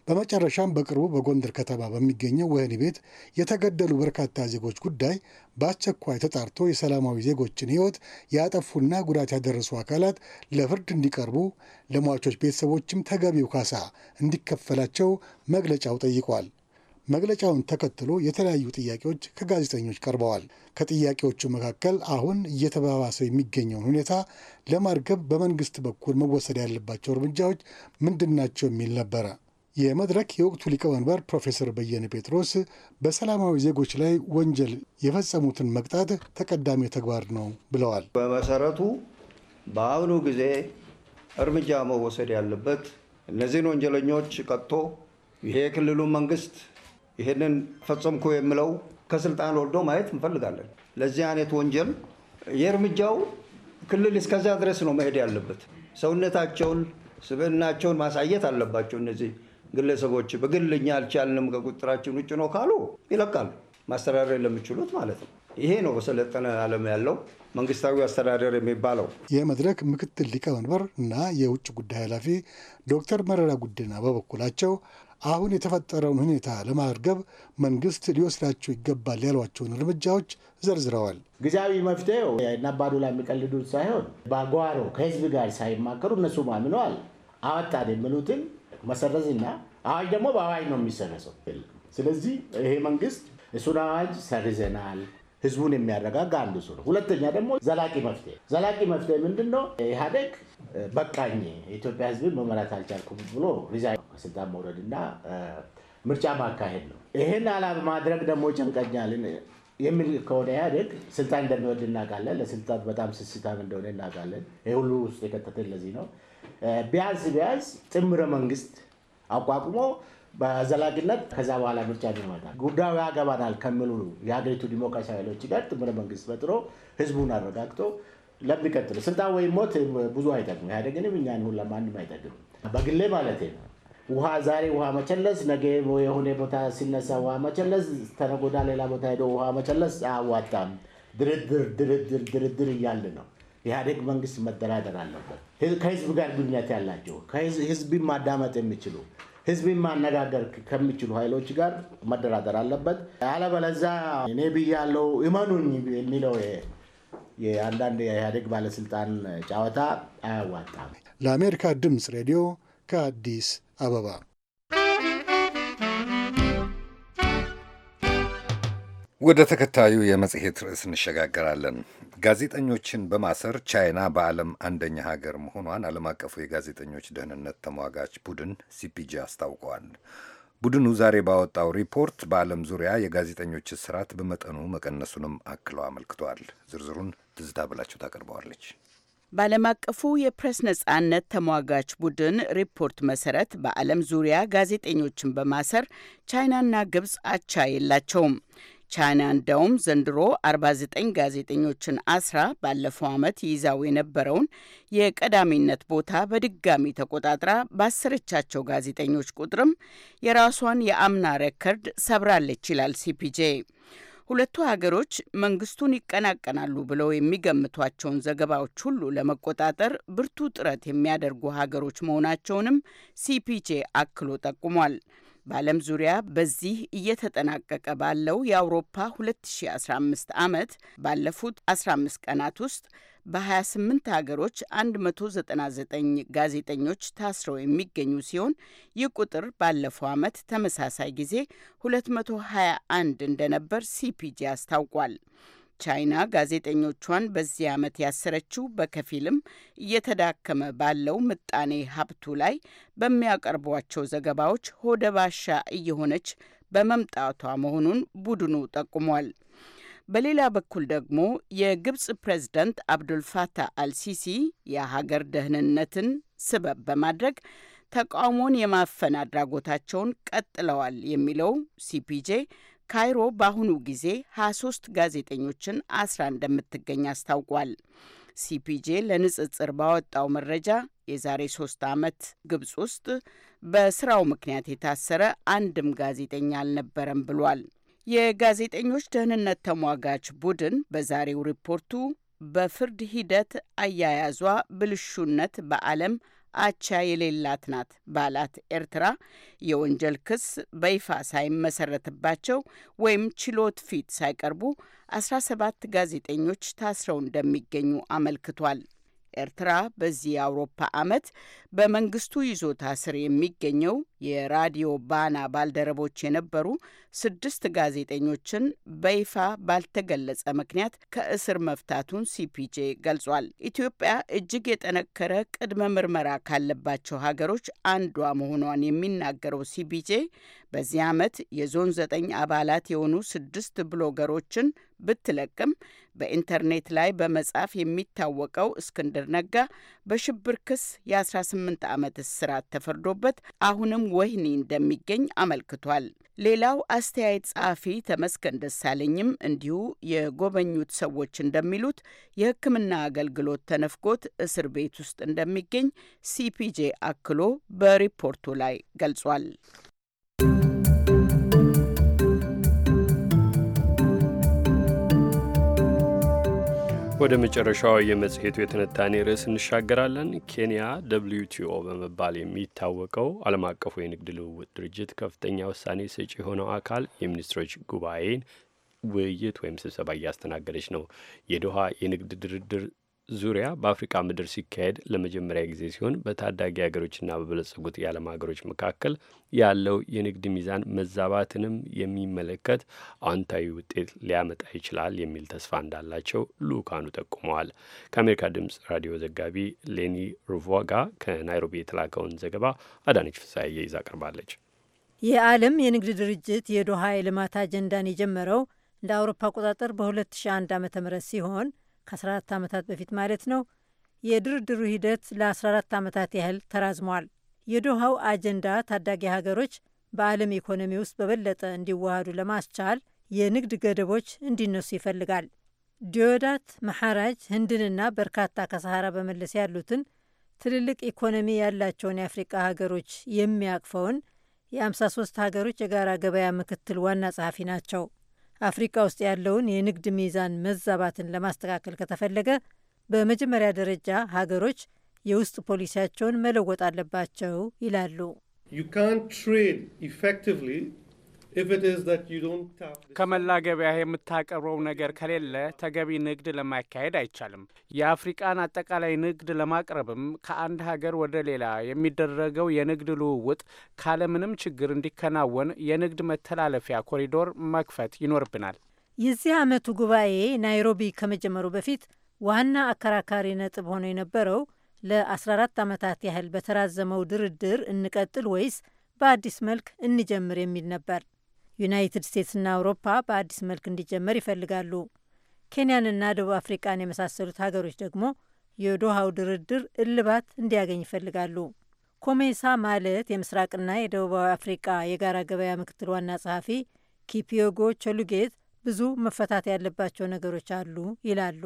በመጨረሻም በቅርቡ በጎንደር ከተማ በሚገኘው ወህኒ ቤት የተገደሉ በርካታ ዜጎች ጉዳይ በአስቸኳይ ተጣርቶ የሰላማዊ ዜጎችን ሕይወት ያጠፉና ጉዳት ያደረሱ አካላት ለፍርድ እንዲቀርቡ፣ ለሟቾች ቤተሰቦችም ተገቢው ካሳ እንዲከፈላቸው መግለጫው ጠይቋል። መግለጫውን ተከትሎ የተለያዩ ጥያቄዎች ከጋዜጠኞች ቀርበዋል። ከጥያቄዎቹ መካከል አሁን እየተባባሰ የሚገኘውን ሁኔታ ለማርገብ በመንግስት በኩል መወሰድ ያለባቸው እርምጃዎች ምንድናቸው? የሚል ነበረ። የመድረክ የወቅቱ ሊቀመንበር ፕሮፌሰር በየነ ጴጥሮስ በሰላማዊ ዜጎች ላይ ወንጀል የፈጸሙትን መቅጣት ተቀዳሚ ተግባር ነው ብለዋል። በመሰረቱ በአሁኑ ጊዜ እርምጃ መወሰድ ያለበት እነዚህን ወንጀለኞች ቀጥቶ ይሄ የክልሉ መንግስት ይህንን ፈጸምኩ የምለው ከስልጣን ወርዶ ማየት እንፈልጋለን። ለዚህ አይነት ወንጀል የእርምጃው ክልል እስከዛ ድረስ ነው መሄድ ያለበት። ሰውነታቸውን፣ ስብዕናቸውን ማሳየት አለባቸው እነዚህ ግለሰቦች በግል እኛ አልቻልንም ከቁጥራችን ውጭ ነው ካሉ ይለቃሉ። ማስተዳደር ለሚችሉት ማለት ነው። ይሄ ነው በሰለጠነ ዓለም ያለው መንግስታዊ አስተዳደር የሚባለው። የመድረክ ምክትል ሊቀመንበር እና የውጭ ጉዳይ ኃላፊ ዶክተር መረራ ጉዲና በበኩላቸው አሁን የተፈጠረውን ሁኔታ ለማርገብ መንግስት ሊወስዳቸው ይገባል ያሏቸውን እርምጃዎች ዘርዝረዋል። ጊዜያዊ መፍትሄው እናባዱላ የሚቀልዱት ሳይሆን በጓሮ ከህዝብ ጋር ሳይማከሩ እነሱ ማምነዋል አወጣን የሚሉትን መሰረዝ አዋጅ ደግሞ በአዋጅ ነው የሚሰረዘው። ስለዚህ ይሄ መንግስት እሱን አዋጅ ሰርዘናል። ህዝቡን የሚያረጋጋ አንዱ እሱ ነው። ሁለተኛ ደግሞ ዘላቂ መፍትሄ ዘላቂ መፍትሄ ምንድን ነው? ኢህአዴግ በቃኝ የኢትዮጵያ ህዝብን መመራት አልቻልኩም ብሎ ሪዛይን ከስልጣን መውረድ እና ምርጫ ማካሄድ ነው። ይህን አላ ማድረግ ደግሞ ጨንቀኛል የሚል ከሆነ ኢህአዴግ ስልጣን እንደሚወድ እናውቃለን። ለስልጣን በጣም ስስታም እንደሆነ እናውቃለን። ይህ ሁሉ ውስጥ የከተተ ለዚህ ነው። ቢያንስ ቢያንስ ጥምረ መንግስት አቋቁሞ በዘላቂነት ከዛ በኋላ ምርጫ ይመጣ ጉዳዩ ያገባናል ከሚሉ የሀገሪቱ ዲሞክራሲያዊ ኃይሎች ጋር ጥምረ መንግስት ፈጥሮ ህዝቡን አረጋግቶ ለሚቀጥሉ ስልጣን ወይም ሞት ብዙ አይጠቅም። ኢህአዴግንም እኛን ሁን ለማንም አይጠቅም። በግሌ ማለት ነው። ውሃ ዛሬ ውሃ መቸለስ፣ ነገ የሆነ ቦታ ሲነሳ ውሃ መቸለስ፣ ተነጎዳ ሌላ ቦታ ሄዶ ውሃ መቸለስ አያዋጣም። ድርድር ድርድር ድርድር እያልን ነው ኢህአዴግ መንግስት መደራደር አለበት። ከህዝብ ጋር ግንኙነት ያላቸው ህዝብን ማዳመጥ የሚችሉ ህዝብን ማነጋገር ከሚችሉ ኃይሎች ጋር መደራደር አለበት። አለበለዛ እኔ ብያለው እመኑኝ የሚለው የአንዳንድ የኢህአዴግ ባለስልጣን ጨዋታ አያዋጣም። ለአሜሪካ ድምፅ ሬዲዮ ከአዲስ አበባ ወደ ተከታዩ የመጽሔት ርዕስ እንሸጋገራለን። ጋዜጠኞችን በማሰር ቻይና በዓለም አንደኛ ሀገር መሆኗን ዓለም አቀፉ የጋዜጠኞች ደህንነት ተሟጋች ቡድን ሲፒጂ አስታውቀዋል። ቡድኑ ዛሬ ባወጣው ሪፖርት በዓለም ዙሪያ የጋዜጠኞች እስራት በመጠኑ መቀነሱንም አክሎ አመልክቷል። ዝርዝሩን ትዝታ ብላቸው ታቀርበዋለች። በዓለም አቀፉ የፕሬስ ነጻነት ተሟጋች ቡድን ሪፖርት መሰረት በዓለም ዙሪያ ጋዜጠኞችን በማሰር ቻይናና ግብፅ አቻ የላቸውም። ቻይና እንደውም ዘንድሮ 49 ጋዜጠኞችን አስራ ባለፈው ዓመት ይዛው የነበረውን የቀዳሚነት ቦታ በድጋሚ ተቆጣጥራ ባሰረቻቸው ጋዜጠኞች ቁጥርም የራሷን የአምና ሬከርድ ሰብራለች ይላል ሲፒጄ። ሁለቱ ሀገሮች መንግስቱን ይቀናቀናሉ ብለው የሚገምቷቸውን ዘገባዎች ሁሉ ለመቆጣጠር ብርቱ ጥረት የሚያደርጉ ሀገሮች መሆናቸውንም ሲፒጄ አክሎ ጠቁሟል። በዓለም ዙሪያ በዚህ እየተጠናቀቀ ባለው የአውሮፓ 2015 ዓመት ባለፉት 15 ቀናት ውስጥ በ28 ሀገሮች 199 ጋዜጠኞች ታስረው የሚገኙ ሲሆን ይህ ቁጥር ባለፈው ዓመት ተመሳሳይ ጊዜ 221 እንደነበር ሲፒጂ አስታውቋል። ቻይና ጋዜጠኞቿን በዚህ ዓመት ያሰረችው በከፊልም እየተዳከመ ባለው ምጣኔ ሀብቱ ላይ በሚያቀርቧቸው ዘገባዎች ሆደ ባሻ እየሆነች በመምጣቷ መሆኑን ቡድኑ ጠቁሟል። በሌላ በኩል ደግሞ የግብፅ ፕሬዝዳንት አብዱልፋታህ አልሲሲ የሀገር ደህንነትን ስበብ በማድረግ ተቃውሞን የማፈን አድራጎታቸውን ቀጥለዋል የሚለው ሲፒጄ ካይሮ በአሁኑ ጊዜ 23 ጋዜጠኞችን አስራ እንደምትገኝ አስታውቋል። ሲፒጄ ለንጽጽር ባወጣው መረጃ የዛሬ ሶስት ዓመት ግብፅ ውስጥ በስራው ምክንያት የታሰረ አንድም ጋዜጠኛ አልነበረም ብሏል። የጋዜጠኞች ደህንነት ተሟጋች ቡድን በዛሬው ሪፖርቱ በፍርድ ሂደት አያያዟ ብልሹነት በዓለም አቻ የሌላት ናት ባላት ኤርትራ የወንጀል ክስ በይፋ ሳይመሰረትባቸው ወይም ችሎት ፊት ሳይቀርቡ 17 ጋዜጠኞች ታስረው እንደሚገኙ አመልክቷል። ኤርትራ በዚህ የአውሮፓ ዓመት በመንግስቱ ይዞታ ስር የሚገኘው የራዲዮ ባና ባልደረቦች የነበሩ ስድስት ጋዜጠኞችን በይፋ ባልተገለጸ ምክንያት ከእስር መፍታቱን ሲፒጄ ገልጿል። ኢትዮጵያ እጅግ የጠነከረ ቅድመ ምርመራ ካለባቸው ሀገሮች አንዷ መሆኗን የሚናገረው ሲፒጄ በዚህ ዓመት የዞን ዘጠኝ አባላት የሆኑ ስድስት ብሎገሮችን ብትለቅም በኢንተርኔት ላይ በመጻፍ የሚታወቀው እስክንድር ነጋ በሽብር ክስ የ18 ዓመት እስራት ተፈርዶበት አሁንም ወህኒ እንደሚገኝ አመልክቷል። ሌላው አስተያየት ጸሐፊ ተመስገን ደሳለኝም እንዲሁ የጎበኙት ሰዎች እንደሚሉት የሕክምና አገልግሎት ተነፍጎት እስር ቤት ውስጥ እንደሚገኝ ሲፒጄ አክሎ በሪፖርቱ ላይ ገልጿል። ወደ መጨረሻው የመጽሔቱ የትንታኔ ርዕስ እንሻገራለን። ኬንያ ቲኦ በመባል የሚታወቀው ዓለም አቀፉ የንግድ ልውውጥ ድርጅት ከፍተኛ ውሳኔ ሰጪ የሆነው አካል የሚኒስትሮች ጉባኤን ውይይት ወይም ስብሰባ እያስተናገደች ነው። የዶሃ የንግድ ድርድር ዙሪያ በአፍሪካ ምድር ሲካሄድ ለመጀመሪያ ጊዜ ሲሆን በታዳጊ ሀገሮችና በበለጸጉት የዓለም ሀገሮች መካከል ያለው የንግድ ሚዛን መዛባትንም የሚመለከት አዎንታዊ ውጤት ሊያመጣ ይችላል የሚል ተስፋ እንዳላቸው ልኡካኑ ጠቁመዋል። ከአሜሪካ ድምጽ ራዲዮ ዘጋቢ ሌኒ ሩቮጋ ከናይሮቢ የተላከውን ዘገባ አዳነች ፍሳዬ ይዛ ቀርባለች። የዓለም የንግድ ድርጅት የዶሃ የልማት አጀንዳን የጀመረው እንደ አውሮፓ አቆጣጠር በ2001 ዓ ም ሲሆን ከ14 ዓመታት በፊት ማለት ነው። የድርድሩ ሂደት ለ14 ዓመታት ያህል ተራዝሟል። የዶሃው አጀንዳ ታዳጊ ሀገሮች በዓለም ኢኮኖሚ ውስጥ በበለጠ እንዲዋሃዱ ለማስቻል የንግድ ገደቦች እንዲነሱ ይፈልጋል። ዲዮዳት መሐራጅ ህንድንና በርካታ ከሰሃራ በመለስ ያሉትን ትልልቅ ኢኮኖሚ ያላቸውን የአፍሪቃ ሀገሮች የሚያቅፈውን የ53 ሀገሮች የጋራ ገበያ ምክትል ዋና ጸሐፊ ናቸው። አፍሪካ ውስጥ ያለውን የንግድ ሚዛን መዛባትን ለማስተካከል ከተፈለገ በመጀመሪያ ደረጃ ሀገሮች የውስጥ ፖሊሲያቸውን መለወጥ አለባቸው ይላሉ። ከመላ ገበያ የምታቀርበው ነገር ከሌለ ተገቢ ንግድ ለማካሄድ አይቻልም። የአፍሪቃን አጠቃላይ ንግድ ለማቅረብም ከአንድ ሀገር ወደ ሌላ የሚደረገው የንግድ ልውውጥ ካለምንም ችግር እንዲከናወን የንግድ መተላለፊያ ኮሪዶር መክፈት ይኖርብናል። የዚህ ዓመቱ ጉባኤ ናይሮቢ ከመጀመሩ በፊት ዋና አከራካሪ ነጥብ ሆኖ የነበረው ለ14 ዓመታት ያህል በተራዘመው ድርድር እንቀጥል ወይስ በአዲስ መልክ እንጀምር የሚል ነበር። ዩናይትድ ስቴትስና አውሮፓ በአዲስ መልክ እንዲጀመር ይፈልጋሉ። ኬንያንና ደቡብ አፍሪቃን የመሳሰሉት ሀገሮች ደግሞ የዶሃው ድርድር እልባት እንዲያገኝ ይፈልጋሉ። ኮሜሳ ማለት የምስራቅና የደቡባዊ አፍሪቃ የጋራ ገበያ ምክትል ዋና ጸሐፊ ኪፒዮጎ ቸሉጌት ብዙ መፈታት ያለባቸው ነገሮች አሉ ይላሉ።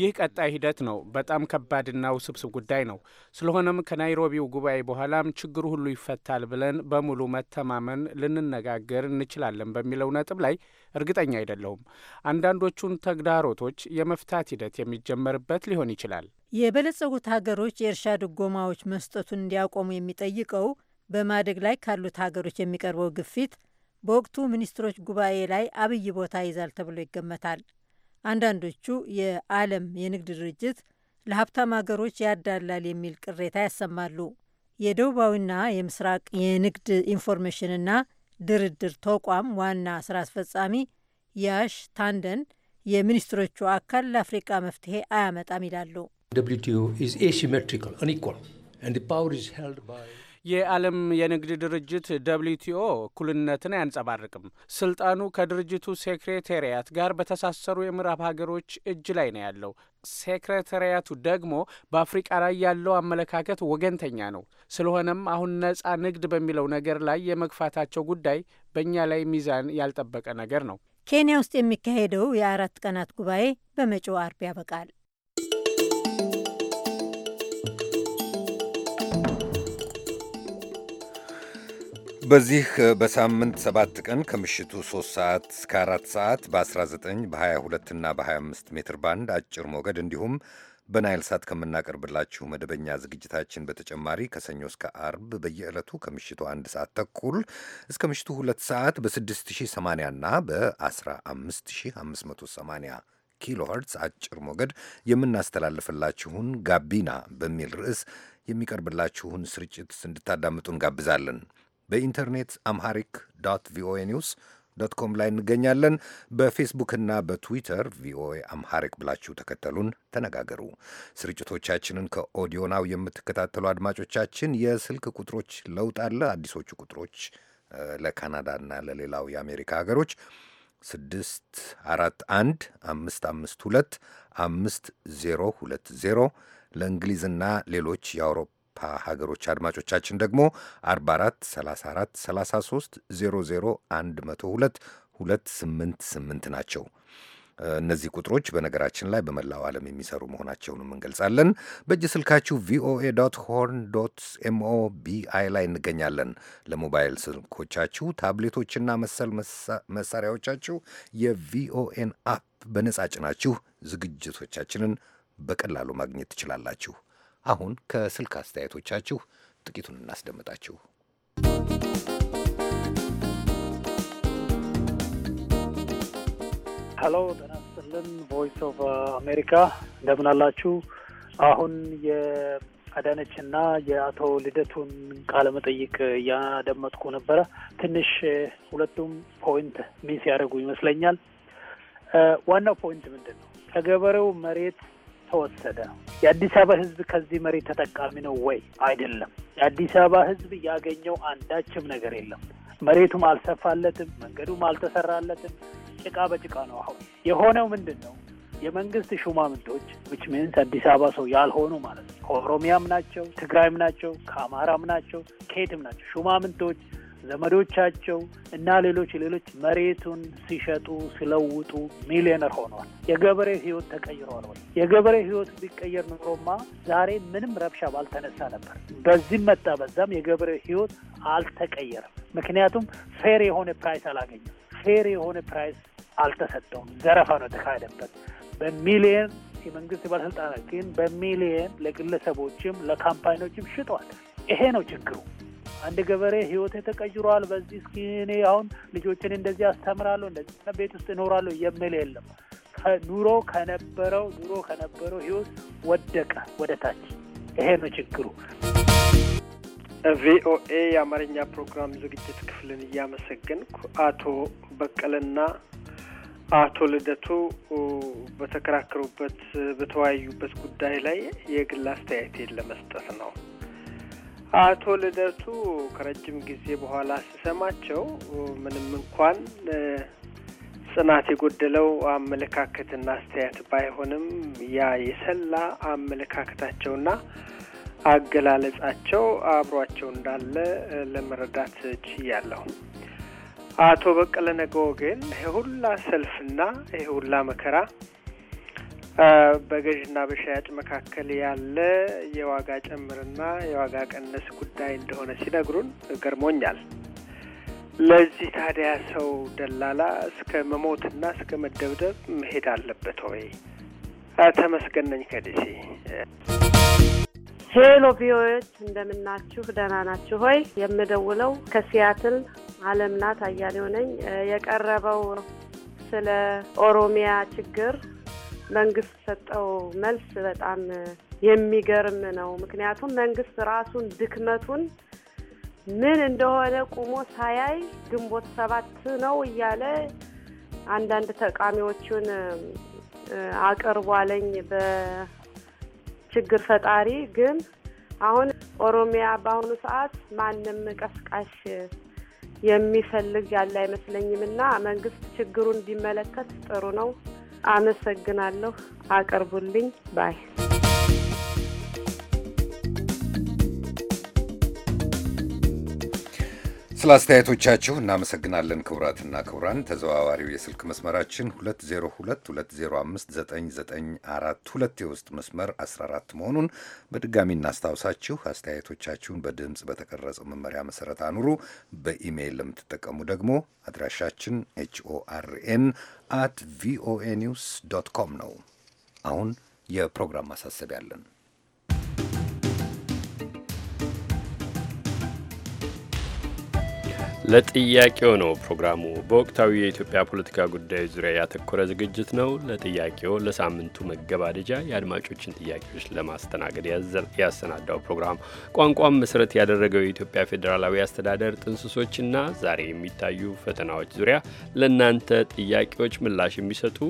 ይህ ቀጣይ ሂደት ነው። በጣም ከባድና ውስብስብ ጉዳይ ነው። ስለሆነም ከናይሮቢው ጉባኤ በኋላም ችግሩ ሁሉ ይፈታል ብለን በሙሉ መተማመን ልንነጋገር እንችላለን በሚለው ነጥብ ላይ እርግጠኛ አይደለሁም። አንዳንዶቹን ተግዳሮቶች የመፍታት ሂደት የሚጀመርበት ሊሆን ይችላል። የበለጸጉት ሀገሮች የእርሻ ድጎማዎች መስጠቱን እንዲያቆሙ የሚጠይቀው በማደግ ላይ ካሉት ሀገሮች የሚቀርበው ግፊት በወቅቱ ሚኒስትሮች ጉባኤ ላይ አብይ ቦታ ይዛል ተብሎ ይገመታል። አንዳንዶቹ የዓለም የንግድ ድርጅት ለሀብታም አገሮች ያዳላል የሚል ቅሬታ ያሰማሉ። የደቡባዊና የምስራቅ የንግድ ኢንፎርሜሽንና ድርድር ተቋም ዋና ስራ አስፈጻሚ ያሽ ታንደን የሚኒስትሮቹ አካል ለአፍሪቃ መፍትሄ አያመጣም ይላሉ። የዓለም የንግድ ድርጅት ደብሊውቲኦ እኩልነትን አያንጸባርቅም። ስልጣኑ ከድርጅቱ ሴክሬታሪያት ጋር በተሳሰሩ የምዕራብ ሀገሮች እጅ ላይ ነው ያለው። ሴክሬታሪያቱ ደግሞ በአፍሪቃ ላይ ያለው አመለካከት ወገንተኛ ነው። ስለሆነም አሁን ነጻ ንግድ በሚለው ነገር ላይ የመግፋታቸው ጉዳይ በእኛ ላይ ሚዛን ያልጠበቀ ነገር ነው። ኬንያ ውስጥ የሚካሄደው የአራት ቀናት ጉባኤ በመጪው አርብ ያበቃል። በዚህ በሳምንት ሰባት ቀን ከምሽቱ 3 ሰዓት እስከ 4 ሰዓት በ19 በ22 እና በ25 ሜትር ባንድ አጭር ሞገድ እንዲሁም በናይል ሳት ከምናቀርብላችሁ መደበኛ ዝግጅታችን በተጨማሪ ከሰኞ እስከ አርብ በየዕለቱ ከምሽቱ አንድ ሰዓት ተኩል እስከ ምሽቱ ሁለት ሰዓት በ6080 እና በ15580 ኪሎ ኸርትዝ አጭር ሞገድ የምናስተላልፍላችሁን ጋቢና በሚል ርዕስ የሚቀርብላችሁን ስርጭት እንድታዳምጡ እንጋብዛለን። በኢንተርኔት አምሃሪክ ዶት ቪኦኤ ኒውስ ዶት ኮም ላይ እንገኛለን። በፌስቡክና በትዊተር ቪኦኤ አምሃሪክ ብላችሁ ተከተሉን፣ ተነጋገሩ። ስርጭቶቻችንን ከኦዲዮ ናው የምትከታተሉ አድማጮቻችን የስልክ ቁጥሮች ለውጥ አለ። አዲሶቹ ቁጥሮች ለካናዳና ለሌላው የአሜሪካ ሀገሮች ስድስት አራት አንድ አምስት አምስት ሁለት አምስት ዜሮ ሁለት ዜሮ ለእንግሊዝና ሌሎች የአውሮፓ የአውሮፓ ሀገሮች አድማጮቻችን ደግሞ 44 34 33 00 102 288 ናቸው። እነዚህ ቁጥሮች በነገራችን ላይ በመላው ዓለም የሚሰሩ መሆናቸውንም እንገልጻለን። በእጅ ስልካችሁ ቪኦኤ ዶት ሆርን ዶት ኤምኦቢአይ ላይ እንገኛለን። ለሞባይል ስልኮቻችሁ ታብሌቶችና መሰል መሳሪያዎቻችሁ የቪኦኤን አፕ በነጻ ጭናችሁ ዝግጅቶቻችንን በቀላሉ ማግኘት ትችላላችሁ። አሁን ከስልክ አስተያየቶቻችሁ ጥቂቱን እናስደምጣችሁ። ሀሎ ጤና ይስጥልን። ቮይስ ኦፍ አሜሪካ እንደምን አላችሁ? አሁን የአዳነችና የአቶ ልደቱን ቃለመጠይቅ እያደመጥኩ ነበረ። ትንሽ ሁለቱም ፖይንት ሚስ ያደረጉ ይመስለኛል። ዋናው ፖይንት ምንድን ነው? ከገበሬው መሬት ተወሰደ። የአዲስ አበባ ህዝብ ከዚህ መሪ ተጠቃሚ ነው ወይ? አይደለም። የአዲስ አበባ ህዝብ ያገኘው አንዳችም ነገር የለም። መሬቱም አልሰፋለትም፣ መንገዱም አልተሰራለትም። ጭቃ በጭቃ ነው። አሁን የሆነው ምንድን ነው? የመንግስት ሹማምንቶች ዊች ሚንስ አዲስ አበባ ሰው ያልሆኑ ማለት ነው። ከኦሮሚያም ናቸው፣ ትግራይም ናቸው፣ ከአማራም ናቸው፣ ከየትም ናቸው ሹማምንቶች ዘመዶቻቸው እና ሌሎች ሌሎች መሬቱን ሲሸጡ ሲለውጡ ሚሊዮነር ሆነዋል። የገበሬ ህይወት ተቀይሯል ወይ? የገበሬ ህይወት ቢቀየር ኑሮማ ዛሬ ምንም ረብሻ ባልተነሳ ነበር። በዚህም መጣ በዛም የገበሬ ህይወት አልተቀየረም። ምክንያቱም ፌር የሆነ ፕራይስ አላገኘም። ፌር የሆነ ፕራይስ አልተሰጠውም። ዘረፋ ነው የተካሄደበት በሚሊየን የመንግስት ባለስልጣናት ግን በሚሊየን ለግለሰቦችም ለካምፓኒዎችም ሽጠዋል። ይሄ ነው ችግሩ። አንድ ገበሬ ህይወቴ ተቀይሯል፣ በዚህ እስኪ እኔ አሁን ልጆችን እንደዚህ አስተምራለሁ፣ እንደዚህ ቤት ውስጥ እኖራለሁ የሚል የለም። ኑሮ ከነበረው ኑሮ ከነበረው ህይወት ወደቀ ወደ ታች። ይሄ ነው ችግሩ። ቪኦኤ የአማርኛ ፕሮግራም ዝግጅት ክፍልን እያመሰገንኩ አቶ በቀለና አቶ ልደቱ በተከራከሩበት በተወያዩበት ጉዳይ ላይ የግል አስተያየቴን ለመስጠት ነው። አቶ ልደቱ ከረጅም ጊዜ በኋላ ስሰማቸው ምንም እንኳን ጽናት የጎደለው አመለካከትና አስተያየት ባይሆንም ያ የሰላ አመለካከታቸውና አገላለጻቸው አብሯቸው እንዳለ ለመረዳት ችያለሁ። አቶ በቀለ ነጋው ግን ሰልፍና የሁላ ሁላ መከራ በገዥና በሻያጭ መካከል ያለ የዋጋ ጭምርና የዋጋ ቀነስ ጉዳይ እንደሆነ ሲነግሩን ገርሞኛል። ለዚህ ታዲያ ሰው ደላላ እስከ መሞትና እስከ መደብደብ መሄድ አለበት ወይ? ተመስገን ነኝ ሄሎ ቪኦኤዎች እንደምናችሁ ደህና ናችሁ ሆይ? የምደውለው ከሲያትል አለም ናት አያሌው ነኝ። የቀረበው ስለ ኦሮሚያ ችግር መንግስት ሰጠው መልስ በጣም የሚገርም ነው። ምክንያቱም መንግስት ራሱን ድክመቱን ምን እንደሆነ ቁሞ ሳያይ ግንቦት ሰባት ነው እያለ አንዳንድ ተቃሚዎቹን አቅርቧለኝ በችግር ፈጣሪ ግን አሁን ኦሮሚያ በአሁኑ ሰዓት ማንም ቀስቃሽ የሚፈልግ ያለ አይመስለኝም እና መንግስት ችግሩን ቢመለከት ጥሩ ነው። አመሰግናለሁ። አቅርቡልኝ ባይ ስለ አስተያየቶቻችሁ እናመሰግናለን። ክቡራትና ክቡራን ተዘዋዋሪው የስልክ መስመራችን 2022059942 የውስጥ መስመር 14 መሆኑን በድጋሚ እናስታውሳችሁ። አስተያየቶቻችሁን በድምፅ በተቀረጸው መመሪያ መሰረት አኑሩ። በኢሜይል ለምትጠቀሙ ደግሞ አድራሻችን ኤችኦአርኤን አት ቪኦኤ ኒውስ ዶት ኮም ነው። አሁን የፕሮግራም ማሳሰቢያ አለን። ለጥያቄው ነው ፕሮግራሙ። በወቅታዊ የኢትዮጵያ ፖለቲካ ጉዳዮች ዙሪያ ያተኮረ ዝግጅት ነው። ለጥያቄው ለሳምንቱ መገባደጃ የአድማጮችን ጥያቄዎች ለማስተናገድ ያሰናዳው ፕሮግራም ቋንቋም መሰረት ያደረገው የኢትዮጵያ ፌዴራላዊ አስተዳደር ጥንስሶችና ዛሬ የሚታዩ ፈተናዎች ዙሪያ ለእናንተ ጥያቄዎች ምላሽ የሚሰጡ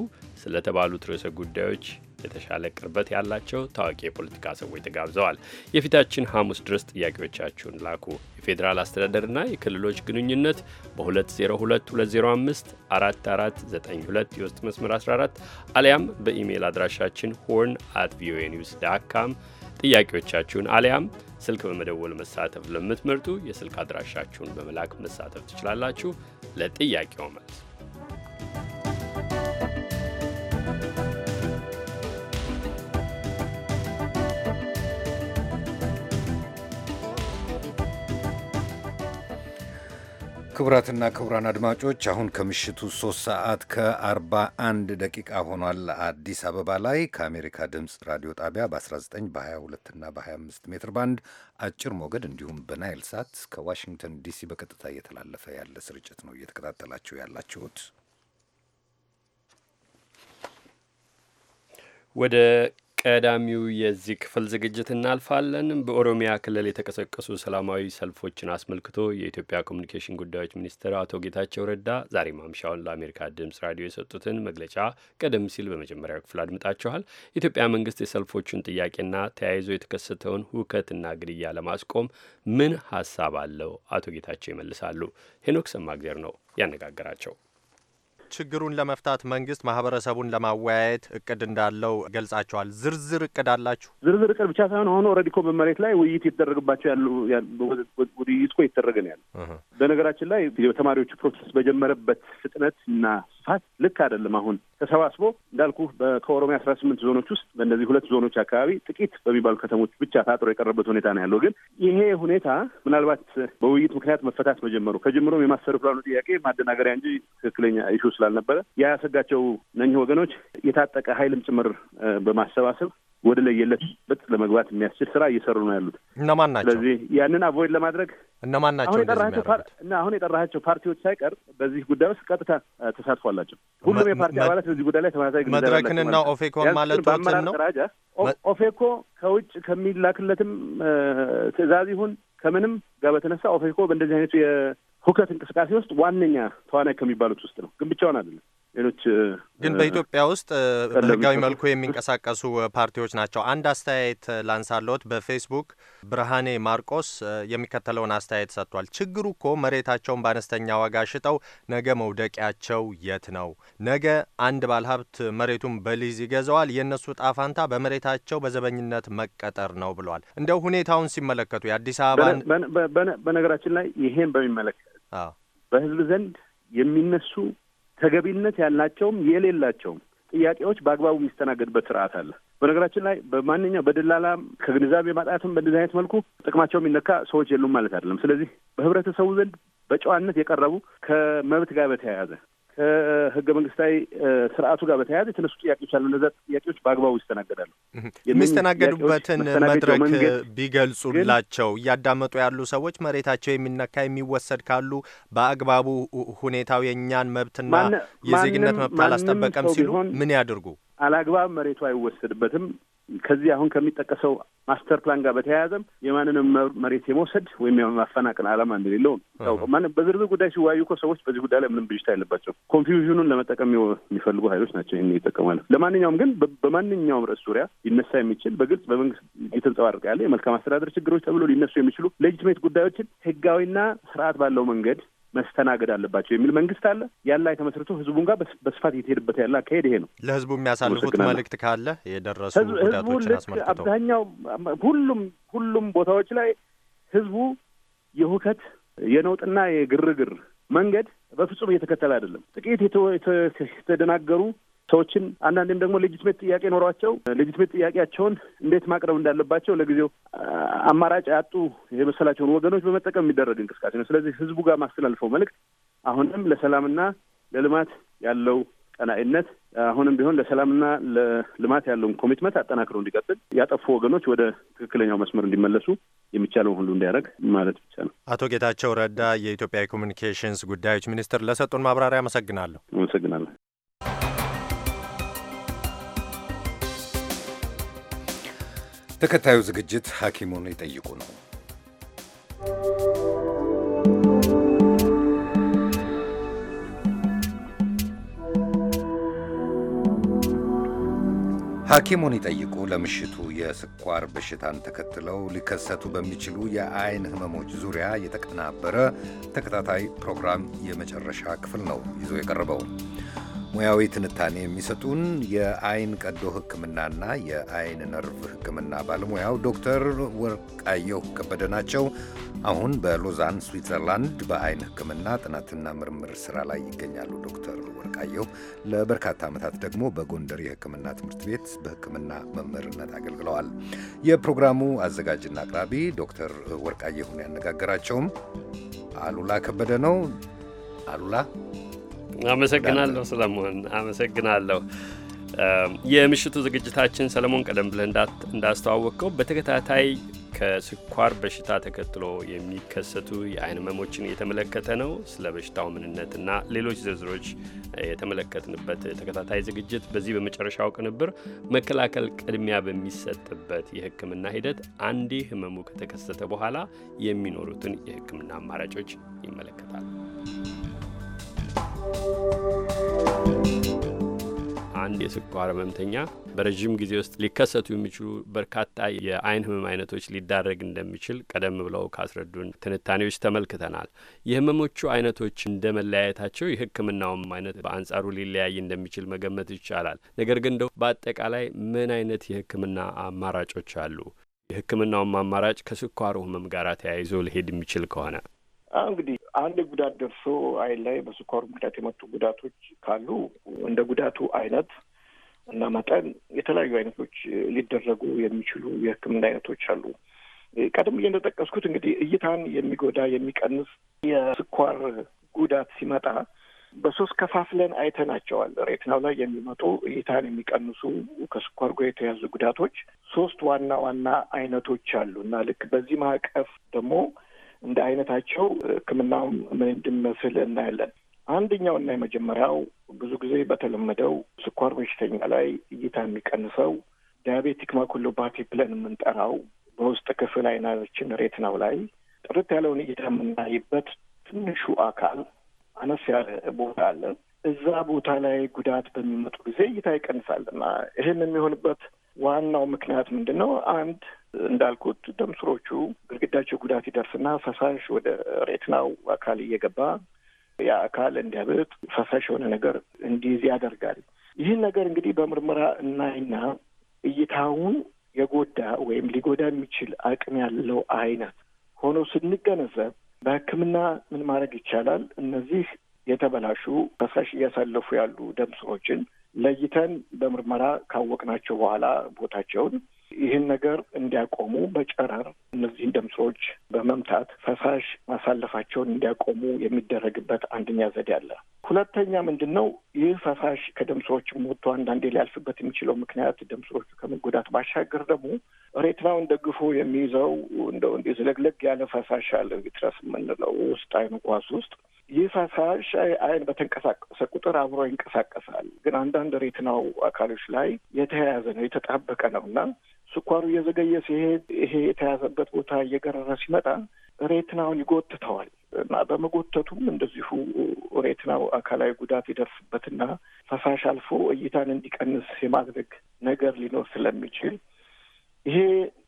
ስለተባሉት ርዕሰ ጉዳዮች የተሻለ ቅርበት ያላቸው ታዋቂ የፖለቲካ ሰዎች ተጋብዘዋል። የፊታችን ሐሙስ ድረስ ጥያቄዎቻችሁን ላኩ። የፌዴራል አስተዳደርና የክልሎች ግንኙነት በ202205 4492 የውስጥ መስመር 14 አሊያም በኢሜይል አድራሻችን ሆርን አት ቪኦኤ ኒውስ ዳካም ጥያቄዎቻችሁን አሊያም ስልክ በመደወል መሳተፍ ለምትመርጡ የስልክ አድራሻችሁን በመላክ መሳተፍ ትችላላችሁ። ለጥያቄው መልስ ክቡራትና ክቡራን አድማጮች አሁን ከምሽቱ 3 ሰዓት ከ41 ደቂቃ ሆኗል። አዲስ አበባ ላይ ከአሜሪካ ድምፅ ራዲዮ ጣቢያ በ19 በ22 እና በ25 ሜትር ባንድ አጭር ሞገድ እንዲሁም በናይል ሳት ከዋሽንግተን ዲሲ በቀጥታ እየተላለፈ ያለ ስርጭት ነው እየተከታተላችሁ ያላችሁት። ወደ ቀዳሚው የዚህ ክፍል ዝግጅት እናልፋለን። በኦሮሚያ ክልል የተቀሰቀሱ ሰላማዊ ሰልፎችን አስመልክቶ የኢትዮጵያ ኮሚኒኬሽን ጉዳዮች ሚኒስትር አቶ ጌታቸው ረዳ ዛሬ ማምሻውን ለአሜሪካ ድምፅ ራዲዮ የሰጡትን መግለጫ ቀደም ሲል በመጀመሪያው ክፍል አድምጣችኋል። የኢትዮጵያ መንግስት የሰልፎቹን ጥያቄና ተያይዞ የተከሰተውን ሁከትና ግድያ ለማስቆም ምን ሀሳብ አለው? አቶ ጌታቸው ይመልሳሉ። ሄኖክ ሰማግዜር ነው ያነጋገራቸው። ችግሩን ለመፍታት መንግስት ማህበረሰቡን ለማወያየት እቅድ እንዳለው ገልጻቸዋል። ዝርዝር እቅድ አላችሁ? ዝርዝር እቅድ ብቻ ሳይሆን አሁን ኦልሬዲ እኮ በመሬት ላይ ውይይት ይደረግባቸው ያሉ ውይይት እኮ የተደረገ ነው ያለ። በነገራችን ላይ የተማሪዎቹ ፕሮሰስ በጀመረበት ፍጥነት እና ስፋት ልክ አይደለም። አሁን ተሰባስቦ እንዳልኩ ከኦሮሚያ አስራ ስምንት ዞኖች ውስጥ በእነዚህ ሁለት ዞኖች አካባቢ ጥቂት በሚባሉ ከተሞች ብቻ ታጥሮ የቀረበት ሁኔታ ነው ያለው። ግን ይሄ ሁኔታ ምናልባት በውይይት ምክንያት መፈታት መጀመሩ ከጀምሮም የማሰሩ ፕላኑ ጥያቄ ማደናገሪያ እንጂ ትክክለኛ ኢሹ ስላልነበረ ያሰጋቸው እነኚህ ወገኖች የታጠቀ ኃይልም ጭምር በማሰባሰብ ወደ ለየለት ለመግባት የሚያስችል ስራ እየሰሩ ነው ያሉት። እነማን ናቸው? ስለዚህ ያንን አቮይድ ለማድረግ እነማን ናቸው? እና አሁን የጠራቸው ፓርቲዎች ሳይቀር በዚህ ጉዳይ ውስጥ ቀጥታ ተሳትፎ አላቸው። ሁሉም የፓርቲ አባላት በዚህ ጉዳይ ላይ ተመሳሳይ መድረክንና ኦፌኮ ማለቶትን ነው። ኦፌኮ ከውጭ ከሚላክለትም ትእዛዝ ይሁን ከምንም ጋር በተነሳ ኦፌኮ በእንደዚህ አይነቱ የሁከት እንቅስቃሴ ውስጥ ዋነኛ ተዋናይ ከሚባሉት ውስጥ ነው፣ ግን ብቻውን አይደለም። ሌሎች ግን በኢትዮጵያ ውስጥ በህጋዊ መልኩ የሚንቀሳቀሱ ፓርቲዎች ናቸው። አንድ አስተያየት ላንሳለዎት። በፌስቡክ ብርሃኔ ማርቆስ የሚከተለውን አስተያየት ሰጥቷል። ችግሩ እኮ መሬታቸውን በአነስተኛ ዋጋ ሽጠው ነገ መውደቂያቸው የት ነው? ነገ አንድ ባለሀብት መሬቱን በሊዝ ይገዛዋል። የእነሱ ጣፋንታ በመሬታቸው በዘበኝነት መቀጠር ነው ብሏል። እንደው ሁኔታውን ሲመለከቱ የአዲስ አበባን በነገራችን ላይ ይሄን በሚመለከት በህዝብ ዘንድ የሚነሱ ተገቢነት ያላቸውም የሌላቸውም ጥያቄዎች በአግባቡ የሚስተናገድበት ስርዓት አለ። በነገራችን ላይ በማንኛው በደላላም ከግንዛቤ ማጣትም በእንደዚህ አይነት መልኩ ጥቅማቸው የሚነካ ሰዎች የሉም ማለት አይደለም። ስለዚህ በህብረተሰቡ ዘንድ በጨዋነት የቀረቡ ከመብት ጋር በተያያዘ ከህገ መንግስታዊ ስርዓቱ ጋር በተያያዘ የተነሱ ጥያቄዎች አሉ። እነዛ ጥያቄዎች በአግባቡ ይስተናገዳሉ። የሚስተናገዱበትን መድረክ ቢገልጹላቸው እያዳመጡ ያሉ ሰዎች መሬታቸው የሚነካ የሚወሰድ ካሉ በአግባቡ ሁኔታው የእኛን መብትና የዜግነት መብት አላስጠበቀም ሲሉ ምን ያድርጉ? አላግባብ መሬቱ አይወሰድበትም ከዚህ አሁን ከሚጠቀሰው ማስተር ፕላን ጋር በተያያዘም የማንንም መሬት የመውሰድ ወይም የማፈናቀል ዓላማ እንደሌለው ነው። በዝርዝር ጉዳይ ሲወያዩ እኮ ሰዎች በዚህ ጉዳይ ላይ ምንም ብጅታ የለባቸው። ኮንፊውዥኑን ለመጠቀም የሚፈልጉ ኃይሎች ናቸው ይህን ይጠቀማሉ። ለማንኛውም ግን በማንኛውም ርዕስ ዙሪያ ሊነሳ የሚችል በግልጽ በመንግስት እየተንጸባረቀ ያለ የመልካም አስተዳደር ችግሮች ተብሎ ሊነሱ የሚችሉ ሌጅትሜት ጉዳዮችን ህጋዊና ስርዓት ባለው መንገድ መስተናገድ አለባቸው የሚል መንግስት አለ። ያን ላይ ተመስርቶ ህዝቡን ጋር በስፋት እየተሄድበት ያለ አካሄድ ይሄ ነው። ለህዝቡ የሚያሳልፉት መልእክት ካለ የደረሱ ጉዳቶችን አስመልክቶ አብዛኛው ሁሉም ሁሉም ቦታዎች ላይ ህዝቡ የሁከት የነውጥና የግርግር መንገድ በፍጹም እየተከተለ አይደለም። ጥቂት የተደናገሩ ሰዎችን አንዳንዴም ደግሞ ሌጂትሜት ጥያቄ ኖሯቸው ሌጂትሜት ጥያቄያቸውን እንዴት ማቅረብ እንዳለባቸው ለጊዜው አማራጭ ያጡ የመሰላቸውን ወገኖች በመጠቀም የሚደረግ እንቅስቃሴ ነው። ስለዚህ ህዝቡ ጋር ማስተላልፈው መልእክት አሁንም ለሰላምና ለልማት ያለው ቀናኢነት አሁንም ቢሆን ለሰላምና ለልማት ያለውን ኮሚትመንት አጠናክሮ እንዲቀጥል ያጠፉ ወገኖች ወደ ትክክለኛው መስመር እንዲመለሱ የሚቻለውን ሁሉ እንዲያደርግ ማለት ብቻ ነው። አቶ ጌታቸው ረዳ የኢትዮጵያ የኮሚኒኬሽንስ ጉዳዮች ሚኒስትር ለሰጡን ማብራሪያ አመሰግናለሁ። አመሰግናለሁ። ተከታዩ ዝግጅት ሐኪሙን ይጠይቁ ነው። ሐኪሙን ይጠይቁ ለምሽቱ የስኳር በሽታን ተከትለው ሊከሰቱ በሚችሉ የአይን ህመሞች ዙሪያ የተቀናበረ ተከታታይ ፕሮግራም የመጨረሻ ክፍል ነው ይዞ የቀረበው። ሙያዊ ትንታኔ የሚሰጡን የአይን ቀዶ ሕክምናና የአይን ነርቭ ሕክምና ባለሙያው ዶክተር ወርቃየሁ ከበደ ናቸው። አሁን በሎዛን ስዊትዘርላንድ በአይን ሕክምና ጥናትና ምርምር ስራ ላይ ይገኛሉ። ዶክተር ወርቃየሁ ለበርካታ ዓመታት ደግሞ በጎንደር የሕክምና ትምህርት ቤት በሕክምና መምህርነት አገልግለዋል። የፕሮግራሙ አዘጋጅና አቅራቢ ዶክተር ወርቃየሁን ያነጋገራቸውም አሉላ ከበደ ነው። አሉላ አመሰግናለሁ ሰለሞን፣ አመሰግናለሁ። የምሽቱ ዝግጅታችን ሰለሞን፣ ቀደም ብለ እንዳስተዋወቀው በተከታታይ ከስኳር በሽታ ተከትሎ የሚከሰቱ የአይን ህመሞችን የተመለከተ ነው። ስለ በሽታው ምንነትና ሌሎች ዝርዝሮች የተመለከትንበት ተከታታይ ዝግጅት በዚህ በመጨረሻው ቅንብር መከላከል ቅድሚያ በሚሰጥበት የህክምና ሂደት አንዴ ህመሙ ከተከሰተ በኋላ የሚኖሩትን የህክምና አማራጮች ይመለከታል። አንድ የስኳር ህመምተኛ በረዥም ጊዜ ውስጥ ሊከሰቱ የሚችሉ በርካታ የአይን ህመም አይነቶች ሊዳረግ እንደሚችል ቀደም ብለው ካስረዱን ትንታኔዎች ተመልክተናል። የህመሞቹ አይነቶች እንደ መለያየታቸው የህክምናውም አይነት በአንጻሩ ሊለያይ እንደሚችል መገመት ይቻላል። ነገር ግን እንደው በአጠቃላይ ምን አይነት የህክምና አማራጮች አሉ? የህክምናውም አማራጭ ከስኳሩ ህመም ጋር ተያይዞ ሊሄድ የሚችል ከሆነ እንግዲህ አንድ ጉዳት ደርሶ አይን ላይ በስኳሩ ምክንያት የመጡ ጉዳቶች ካሉ እንደ ጉዳቱ አይነት እና መጠን የተለያዩ አይነቶች ሊደረጉ የሚችሉ የሕክምና አይነቶች አሉ። ቀደም ብዬ እንደጠቀስኩት እንግዲህ እይታን የሚጎዳ የሚቀንስ የስኳር ጉዳት ሲመጣ በሶስት ከፋፍለን አይተናቸዋል። ሬትናው ላይ የሚመጡ እይታን የሚቀንሱ ከስኳር ጋር የተያዙ ጉዳቶች ሶስት ዋና ዋና አይነቶች አሉ እና ልክ በዚህ ማዕቀፍ ደግሞ እንደ አይነታቸው ህክምናው ምን እንድመስል እናያለን። አንደኛው እና የመጀመሪያው ብዙ ጊዜ በተለመደው ስኳር በሽተኛ ላይ እይታ የሚቀንሰው ዲያቤቲክ ማኩሎፓቲ ብለን የምንጠራው በውስጥ ክፍል አይናችን ሬትናው ላይ ጥርት ያለውን እይታ የምናይበት ትንሹ አካል አነስ ያለ ቦታ አለ። እዛ ቦታ ላይ ጉዳት በሚመጡ ጊዜ እይታ ይቀንሳል እና ይህን የሚሆንበት ዋናው ምክንያት ምንድን ነው? አንድ እንዳልኩት ደምስሮቹ ግድግዳቸው ጉዳት ይደርስና ፈሳሽ ወደ ሬትናው አካል እየገባ ያ አካል እንዲያብጥ ፈሳሽ የሆነ ነገር እንዲይዝ ያደርጋል። ይህን ነገር እንግዲህ በምርመራ እናይና እይታውን የጎዳ ወይም ሊጎዳ የሚችል አቅም ያለው አይነት ሆኖ ስንገነዘብ በሕክምና ምን ማድረግ ይቻላል? እነዚህ የተበላሹ ፈሳሽ እያሳለፉ ያሉ ደም ስሮችን ለይተን በምርመራ ካወቅናቸው በኋላ ቦታቸውን ይህን ነገር እንዲያቆሙ በጨረር እነዚህን ደም በመምታት ፈሳሽ ማሳለፋቸውን እንዲያቆሙ የሚደረግበት አንደኛ ዘዴ አለ። ሁለተኛ ምንድን ነው? ይህ ፈሳሽ ከደም ሞቶ አንዳንዴ ሊያልፍበት የሚችለው ምክንያት ደምሶቹ ከመጎዳት ባሻገር ደግሞ ሬትናውን ደግፎ የሚይዘው እንደው እንዲህ ዝለግለግ ያለ ፈሳሽ አለ፣ ቪትረስ የምንለው ውስጥ አይኑ ኳስ ውስጥ ይህ ፈሳሽ አይን በተንቀሳቀሰ ቁጥር አብሮ ይንቀሳቀሳል። ግን አንዳንድ ሬትናው አካሎች ላይ የተያያዘ ነው የተጣበቀ ነው እና ስኳሩ እየዘገየ ሲሄድ ይሄ የተያዘበት ቦታ እየገረረ ሲመጣ ሬትናውን ይጎትተዋል እና በመጎተቱም እንደዚሁ ሬትናው አካላዊ ጉዳት ይደርስበትና ፈሳሽ አልፎ እይታን እንዲቀንስ የማድረግ ነገር ሊኖር ስለሚችል ይሄ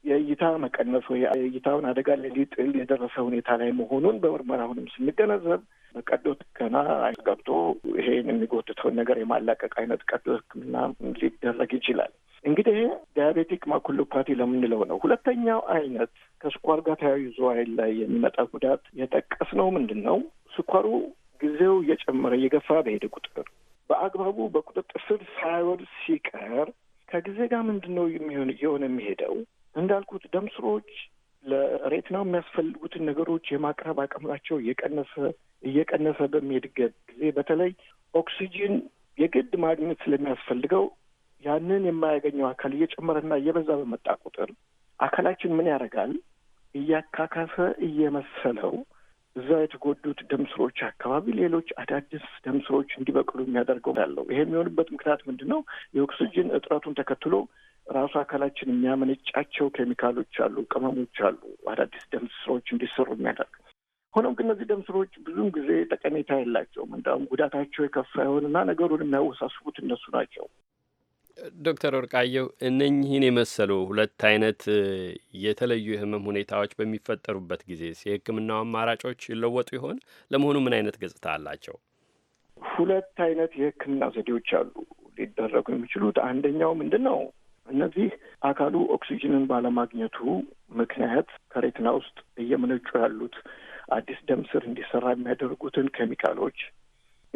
የእይታ መቀነስ ወይ የእይታውን አደጋ ሊጥል የደረሰ ሁኔታ ላይ መሆኑን በምርመራ አሁንም ስንገነዘብ በቀዶ ጥገና ገብቶ ይሄን የሚጎትተውን ነገር የማላቀቅ አይነት ቀዶ ሕክምና ሊደረግ ይችላል። እንግዲህ ዲያቤቲክ ማኩሎፓቲ ለምንለው ነው። ሁለተኛው አይነት ከስኳር ጋር ተያይዞ አይን ላይ የሚመጣ ጉዳት የጠቀስነው ምንድን ነው? ስኳሩ ጊዜው እየጨመረ እየገፋ በሄደ ቁጥር በአግባቡ በቁጥጥር ስር ሳይወድ ሲቀር ከጊዜ ጋር ምንድን ነው የሚሄደው እንዳልኩት ደም ስሮች ለሬቲና የሚያስፈልጉትን ነገሮች የማቅረብ አቅምላቸው እየቀነሰ እየቀነሰ በሚሄድበት ጊዜ በተለይ ኦክሲጂን የግድ ማግኘት ስለሚያስፈልገው ያንን የማያገኘው አካል እየጨመረና እየበዛ በመጣ ቁጥር አካላችን ምን ያደርጋል? እያካካሰ እየመሰለው እዛ የተጎዱት ደምስሮች አካባቢ ሌሎች አዳዲስ ደምስሮች እንዲበቅሉ የሚያደርገው ያለው ይሄ የሚሆንበት ምክንያት ምንድን ነው? የኦክሲጅን እጥረቱን ተከትሎ ራሱ አካላችን የሚያመነጫቸው ኬሚካሎች አሉ፣ ቅመሞች አሉ፣ አዳዲስ ደምስሮች እንዲሰሩ የሚያደርግ ሆኖም ግን እነዚህ ደምስሮች ስሮች ብዙም ጊዜ ጠቀሜታ የላቸውም። እንዲሁም ጉዳታቸው የከፋ ይሆንና ነገሩን የሚያወሳስቡት እነሱ ናቸው። ዶክተር ወርቃየው እነኚህን የመሰሉ ሁለት አይነት የተለዩ የህመም ሁኔታዎች በሚፈጠሩበት ጊዜ የህክምናው አማራጮች ይለወጡ ይሆን? ለመሆኑ ምን አይነት ገጽታ አላቸው? ሁለት አይነት የህክምና ዘዴዎች አሉ ሊደረጉ የሚችሉት። አንደኛው ምንድን ነው? እነዚህ አካሉ ኦክሲጅንን ባለማግኘቱ ምክንያት ከሬትና ውስጥ እየመነጩ ያሉት አዲስ ደም ስር እንዲሰራ የሚያደርጉትን ኬሚካሎች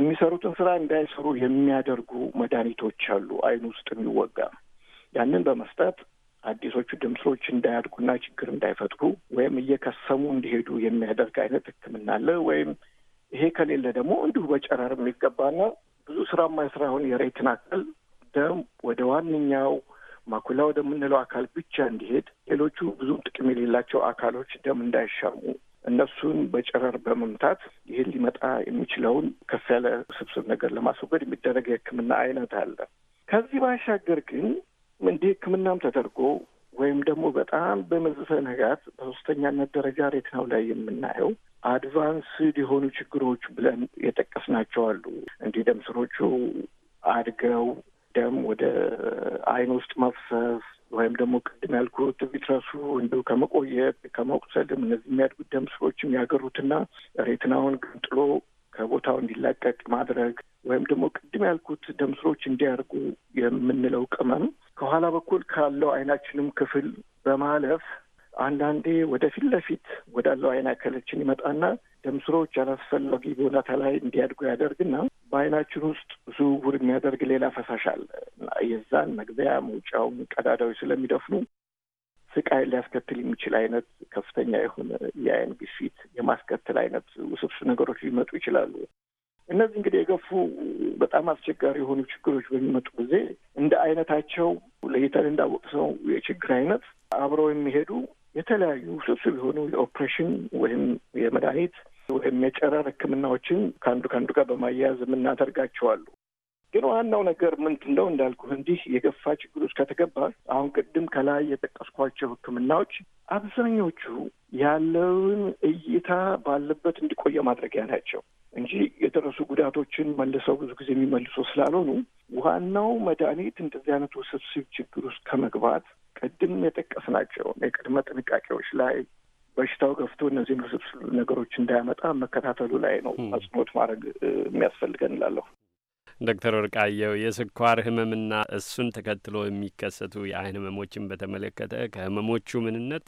የሚሰሩትን ስራ እንዳይሰሩ የሚያደርጉ መድኃኒቶች አሉ። አይን ውስጥ የሚወጋ ያንን በመስጠት አዲሶቹ ድምፆች እንዳያድጉና ችግር እንዳይፈጥሩ ወይም እየከሰሙ እንዲሄዱ የሚያደርግ አይነት ሕክምና አለ። ወይም ይሄ ከሌለ ደግሞ እንዲሁ በጨረር የሚገባና ብዙ ስራ የማይሰራ የሆነ አካል ደም ወደ ዋነኛው ማኩላ ወደምንለው አካል ብቻ እንዲሄድ፣ ሌሎቹ ብዙ ጥቅም የሌላቸው አካሎች ደም እንዳይሻሙ እነሱን በጨረር በመምታት ይህን ሊመጣ የሚችለውን ከፍ ያለ ስብስብ ነገር ለማስወገድ የሚደረግ የሕክምና አይነት አለ። ከዚህ ባሻገር ግን እንዲህ ሕክምናም ተደርጎ ወይም ደግሞ በጣም ንጋት በሶስተኛነት ደረጃ ሬትናው ላይ የምናየው አድቫንስድ የሆኑ ችግሮች ብለን የጠቀስናቸው አሉ። እንዲህ ደም ስሮቹ አድገው ደም ወደ አይን ውስጥ መፍሰስ ወይም ደግሞ ቅድም ያልኩት ቢትረሱ እንዲሁ ከመቆየት ከመቁሰልም እነዚህ የሚያድጉት ደም ስሮችም የሚያገሩትና ሬትናውን ገንጥሎ ከቦታው እንዲላቀቅ ማድረግ ወይም ደግሞ ቅድም ያልኩት ደም ስሮች እንዲያርጉ የምንለው ቅመም ከኋላ በኩል ካለው አይናችንም ክፍል በማለፍ አንዳንዴ ወደፊት ለፊት ወዳለው አይን አካላችን ይመጣና ደም ስሮች አላስፈላጊ ቦታ ላይ እንዲያድጉ ያደርግና በአይናችን ውስጥ ዝውውር የሚያደርግ ሌላ ፈሳሽ አለ። የዛን መግቢያ መውጫውን ቀዳዳዎች ስለሚደፍኑ ስቃይ ሊያስከትል የሚችል አይነት ከፍተኛ የሆነ የአይን ግፊት የማስከትል አይነት ውስብስብ ነገሮች ሊመጡ ይችላሉ። እነዚህ እንግዲህ የገፉ በጣም አስቸጋሪ የሆኑ ችግሮች በሚመጡ ጊዜ እንደ አይነታቸው ለይተን እንዳወቅሰው የችግር አይነት አብረው የሚሄዱ የተለያዩ ውስብስብ የሆኑ የኦፕሬሽን ወይም የመድኃኒት ወይም የጨረር ህክምናዎችን ከአንዱ ከአንዱ ጋር በማያያዝ የምናደርጋቸዋሉ። ግን ዋናው ነገር ምንድን ነው እንዳልኩ እንዲህ የገፋ ችግር ውስጥ ከተገባ አሁን ቅድም ከላይ የጠቀስኳቸው ህክምናዎች አብዛኞቹ ያለውን እይታ ባለበት እንዲቆየ ማድረጊያ ናቸው እንጂ የደረሱ ጉዳቶችን መልሰው ብዙ ጊዜ የሚመልሱ ስላልሆኑ ዋናው መድኃኒት እንደዚህ አይነት ውስብስብ ችግር ውስጥ ከመግባት ቅድም የጠቀስናቸው የቅድመ ጥንቃቄዎች ላይ በሽታው ገፍቶ እነዚህን ውስብስብ ነገሮች እንዳያመጣ መከታተሉ ላይ ነው አጽንኦት ማድረግ የሚያስፈልገን እላለሁ። ዶክተር ወርቃየው የስኳር ህመምና እሱን ተከትሎ የሚከሰቱ የአይን ህመሞችን በተመለከተ ከህመሞቹ ምንነት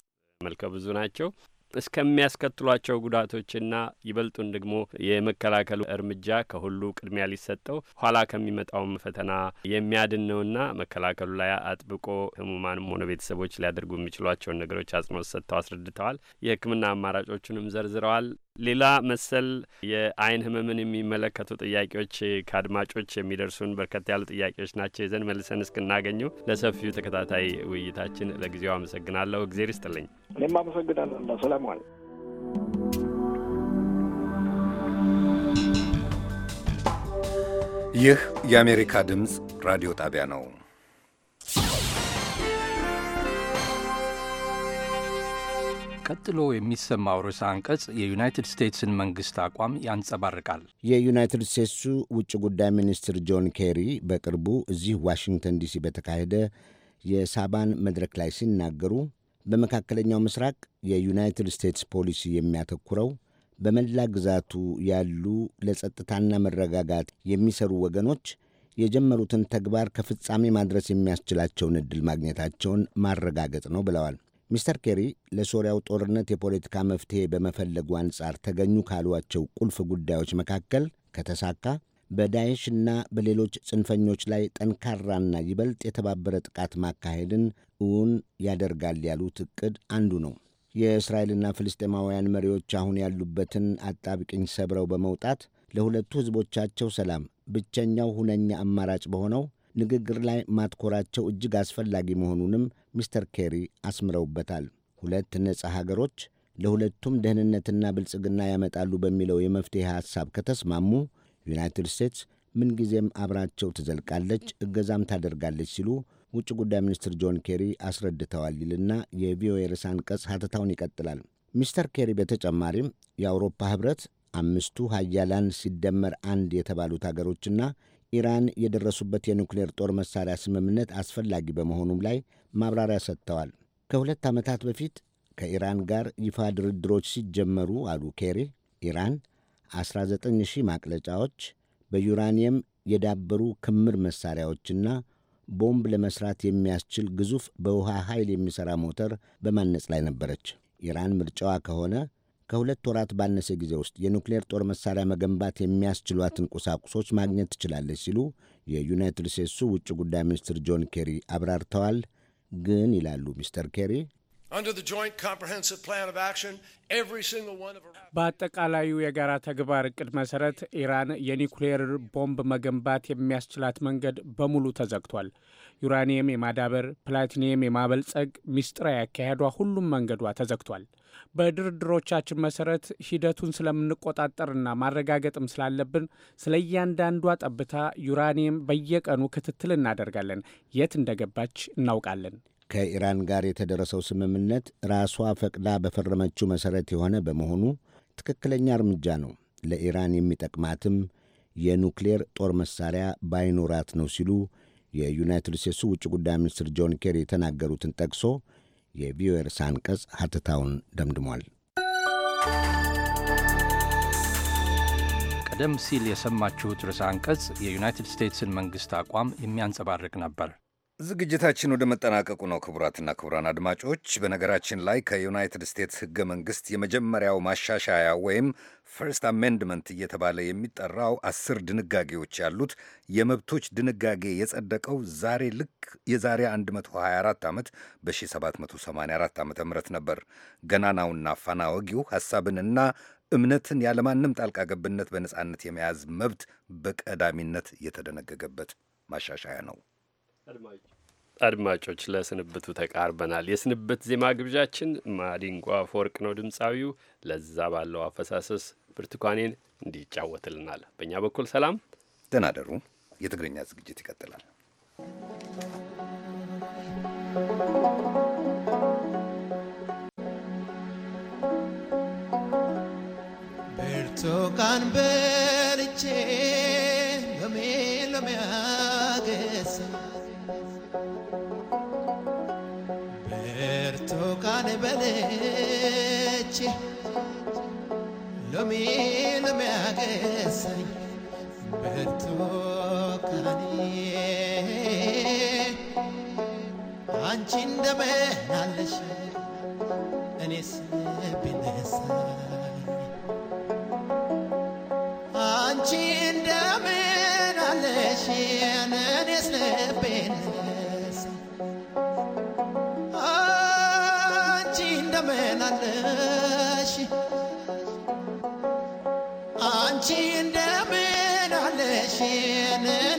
መልከ ብዙ ናቸው እስከሚያስከትሏቸው ጉዳቶችና ይበልጡን ደግሞ የመከላከሉ እርምጃ ከሁሉ ቅድሚያ ሊሰጠው ኋላ ከሚመጣውም ፈተና የሚያድን ነውና መከላከሉ ላይ አጥብቆ ህሙማንም ሆነ ቤተሰቦች ሊያደርጉ የሚችሏቸውን ነገሮች አጽንኦት ሰጥተው አስረድተዋል። የህክምና አማራጮቹንም ዘርዝረዋል። ሌላ መሰል የአይን ህመምን የሚመለከቱ ጥያቄዎች ከአድማጮች የሚደርሱን በርከት ያሉ ጥያቄዎች ናቸው። ይዘን መልሰን እስክናገኙ ለሰፊው ተከታታይ ውይይታችን ለጊዜው አመሰግናለሁ። እግዜር ይስጥልኝ። እኔም አመሰግናለሁ። ሰላም ዋል ይህ የአሜሪካ ድምፅ ራዲዮ ጣቢያ ነው። ቀጥሎ የሚሰማው ርዕሰ አንቀጽ የዩናይትድ ስቴትስን መንግሥት አቋም ያንጸባርቃል። የዩናይትድ ስቴትሱ ውጭ ጉዳይ ሚኒስትር ጆን ኬሪ በቅርቡ እዚህ ዋሽንግተን ዲሲ በተካሄደ የሳባን መድረክ ላይ ሲናገሩ በመካከለኛው ምስራቅ የዩናይትድ ስቴትስ ፖሊሲ የሚያተኩረው በመላ ግዛቱ ያሉ ለጸጥታና መረጋጋት የሚሰሩ ወገኖች የጀመሩትን ተግባር ከፍጻሜ ማድረስ የሚያስችላቸውን ዕድል ማግኘታቸውን ማረጋገጥ ነው ብለዋል። ሚስተር ኬሪ ለሶሪያው ጦርነት የፖለቲካ መፍትሄ በመፈለጉ አንጻር ተገኙ ካሏቸው ቁልፍ ጉዳዮች መካከል ከተሳካ በዳየሽና በሌሎች ጽንፈኞች ላይ ጠንካራና ይበልጥ የተባበረ ጥቃት ማካሄድን እውን ያደርጋል ያሉት እቅድ አንዱ ነው። የእስራኤልና ፍልስጤማውያን መሪዎች አሁን ያሉበትን አጣብቅኝ ሰብረው በመውጣት ለሁለቱ ሕዝቦቻቸው ሰላም ብቸኛው ሁነኛ አማራጭ በሆነው ንግግር ላይ ማትኮራቸው እጅግ አስፈላጊ መሆኑንም ሚስተር ኬሪ አስምረውበታል። ሁለት ነጻ ሀገሮች ለሁለቱም ደህንነትና ብልጽግና ያመጣሉ በሚለው የመፍትሔ ሐሳብ ከተስማሙ ዩናይትድ ስቴትስ ምንጊዜም አብራቸው ትዘልቃለች፣ እገዛም ታደርጋለች ሲሉ ውጭ ጉዳይ ሚኒስትር ጆን ኬሪ አስረድተዋል ይልና የቪኦኤ ርዕሰ አንቀጽ ሐተታውን ይቀጥላል። ሚስተር ኬሪ በተጨማሪም የአውሮፓ ኅብረት አምስቱ ሀያላን ሲደመር አንድ የተባሉት አገሮችና ኢራን የደረሱበት የኑክሌር ጦር መሳሪያ ስምምነት አስፈላጊ በመሆኑም ላይ ማብራሪያ ሰጥተዋል። ከሁለት ዓመታት በፊት ከኢራን ጋር ይፋ ድርድሮች ሲጀመሩ አሉ ኬሪ ኢራን 190 ማቅለጫዎች በዩራኒየም የዳበሩ ክምር መሳሪያዎችና ቦምብ ለመስራት የሚያስችል ግዙፍ በውሃ ኃይል የሚሠራ ሞተር በማነጽ ላይ ነበረች። ኢራን ምርጫዋ ከሆነ ከሁለት ወራት ባነሰ ጊዜ ውስጥ የኑክሌር ጦር መሳሪያ መገንባት የሚያስችሏትን ቁሳቁሶች ማግኘት ትችላለች ሲሉ የዩናይትድ ስቴትሱ ውጭ ጉዳይ ሚኒስትር ጆን ኬሪ አብራርተዋል። ግን ይላሉ ሚስተር ኬሪ በአጠቃላዩ የጋራ ተግባር እቅድ መሰረት ኢራን የኒውክሌር ቦምብ መገንባት የሚያስችላት መንገድ በሙሉ ተዘግቷል። ዩራኒየም የማዳበር ፕላቲኒየም የማበልጸግ ሚስጥራዊ ያካሄዷ ሁሉም መንገዷ ተዘግቷል። በድርድሮቻችን መሰረት ሂደቱን ስለምንቆጣጠርና ማረጋገጥም ስላለብን ስለ እያንዳንዷ ጠብታ ዩራኒየም በየቀኑ ክትትል እናደርጋለን። የት እንደገባች እናውቃለን። ከኢራን ጋር የተደረሰው ስምምነት ራሷ ፈቅዳ በፈረመችው መሰረት የሆነ በመሆኑ ትክክለኛ እርምጃ ነው። ለኢራን የሚጠቅማትም የኑክሌር ጦር መሳሪያ ባይኖራት ነው ሲሉ የዩናይትድ ስቴትሱ ውጭ ጉዳይ ሚኒስትር ጆን ኬሪ የተናገሩትን ጠቅሶ የቪኦኤ ርዕሰ አንቀጽ ሀተታውን ደምድሟል። ቀደም ሲል የሰማችሁት ርዕሰ አንቀጽ የዩናይትድ ስቴትስን መንግሥት አቋም የሚያንጸባርቅ ነበር። ዝግጅታችን ወደ መጠናቀቁ ነው። ክቡራትና ክቡራን አድማጮች፣ በነገራችን ላይ ከዩናይትድ ስቴትስ ሕገ መንግሥት የመጀመሪያው ማሻሻያ ወይም ፈርስት አሜንድመንት እየተባለ የሚጠራው አስር ድንጋጌዎች ያሉት የመብቶች ድንጋጌ የጸደቀው ዛሬ ልክ የዛሬ 124 ዓመት በ1784 ዓ ም ነበር። ገናናውና ፋና ወጊው ሐሳብንና እምነትን ያለማንም ጣልቃ ገብነት በነጻነት የመያዝ መብት በቀዳሚነት የተደነገገበት ማሻሻያ ነው። አድማጮች ለስንብቱ ተቃርበናል። የስንብት ዜማ ግብዣችን ማዲንጎ አፈወርቅ ነው። ድምፃዊው ለዛ ባለው አፈሳሰስ ብርቱካኔን እንዲህ ይጫወትልናል። በእኛ በኩል ሰላም ደናደሩ። የትግርኛ ዝግጅት ይቀጥላል። ብርቱካን በልቼ ሎሜ ሎሜያ ቶካን በልቼ ሎሚ ሎሚ ያገሳኝ ብርቱካኔ አንቺ እንደምን አለሽ እኔስ ብነሳ አንቺ እንደምን አለሽ እኔ አንቺ እንደምን አለሽን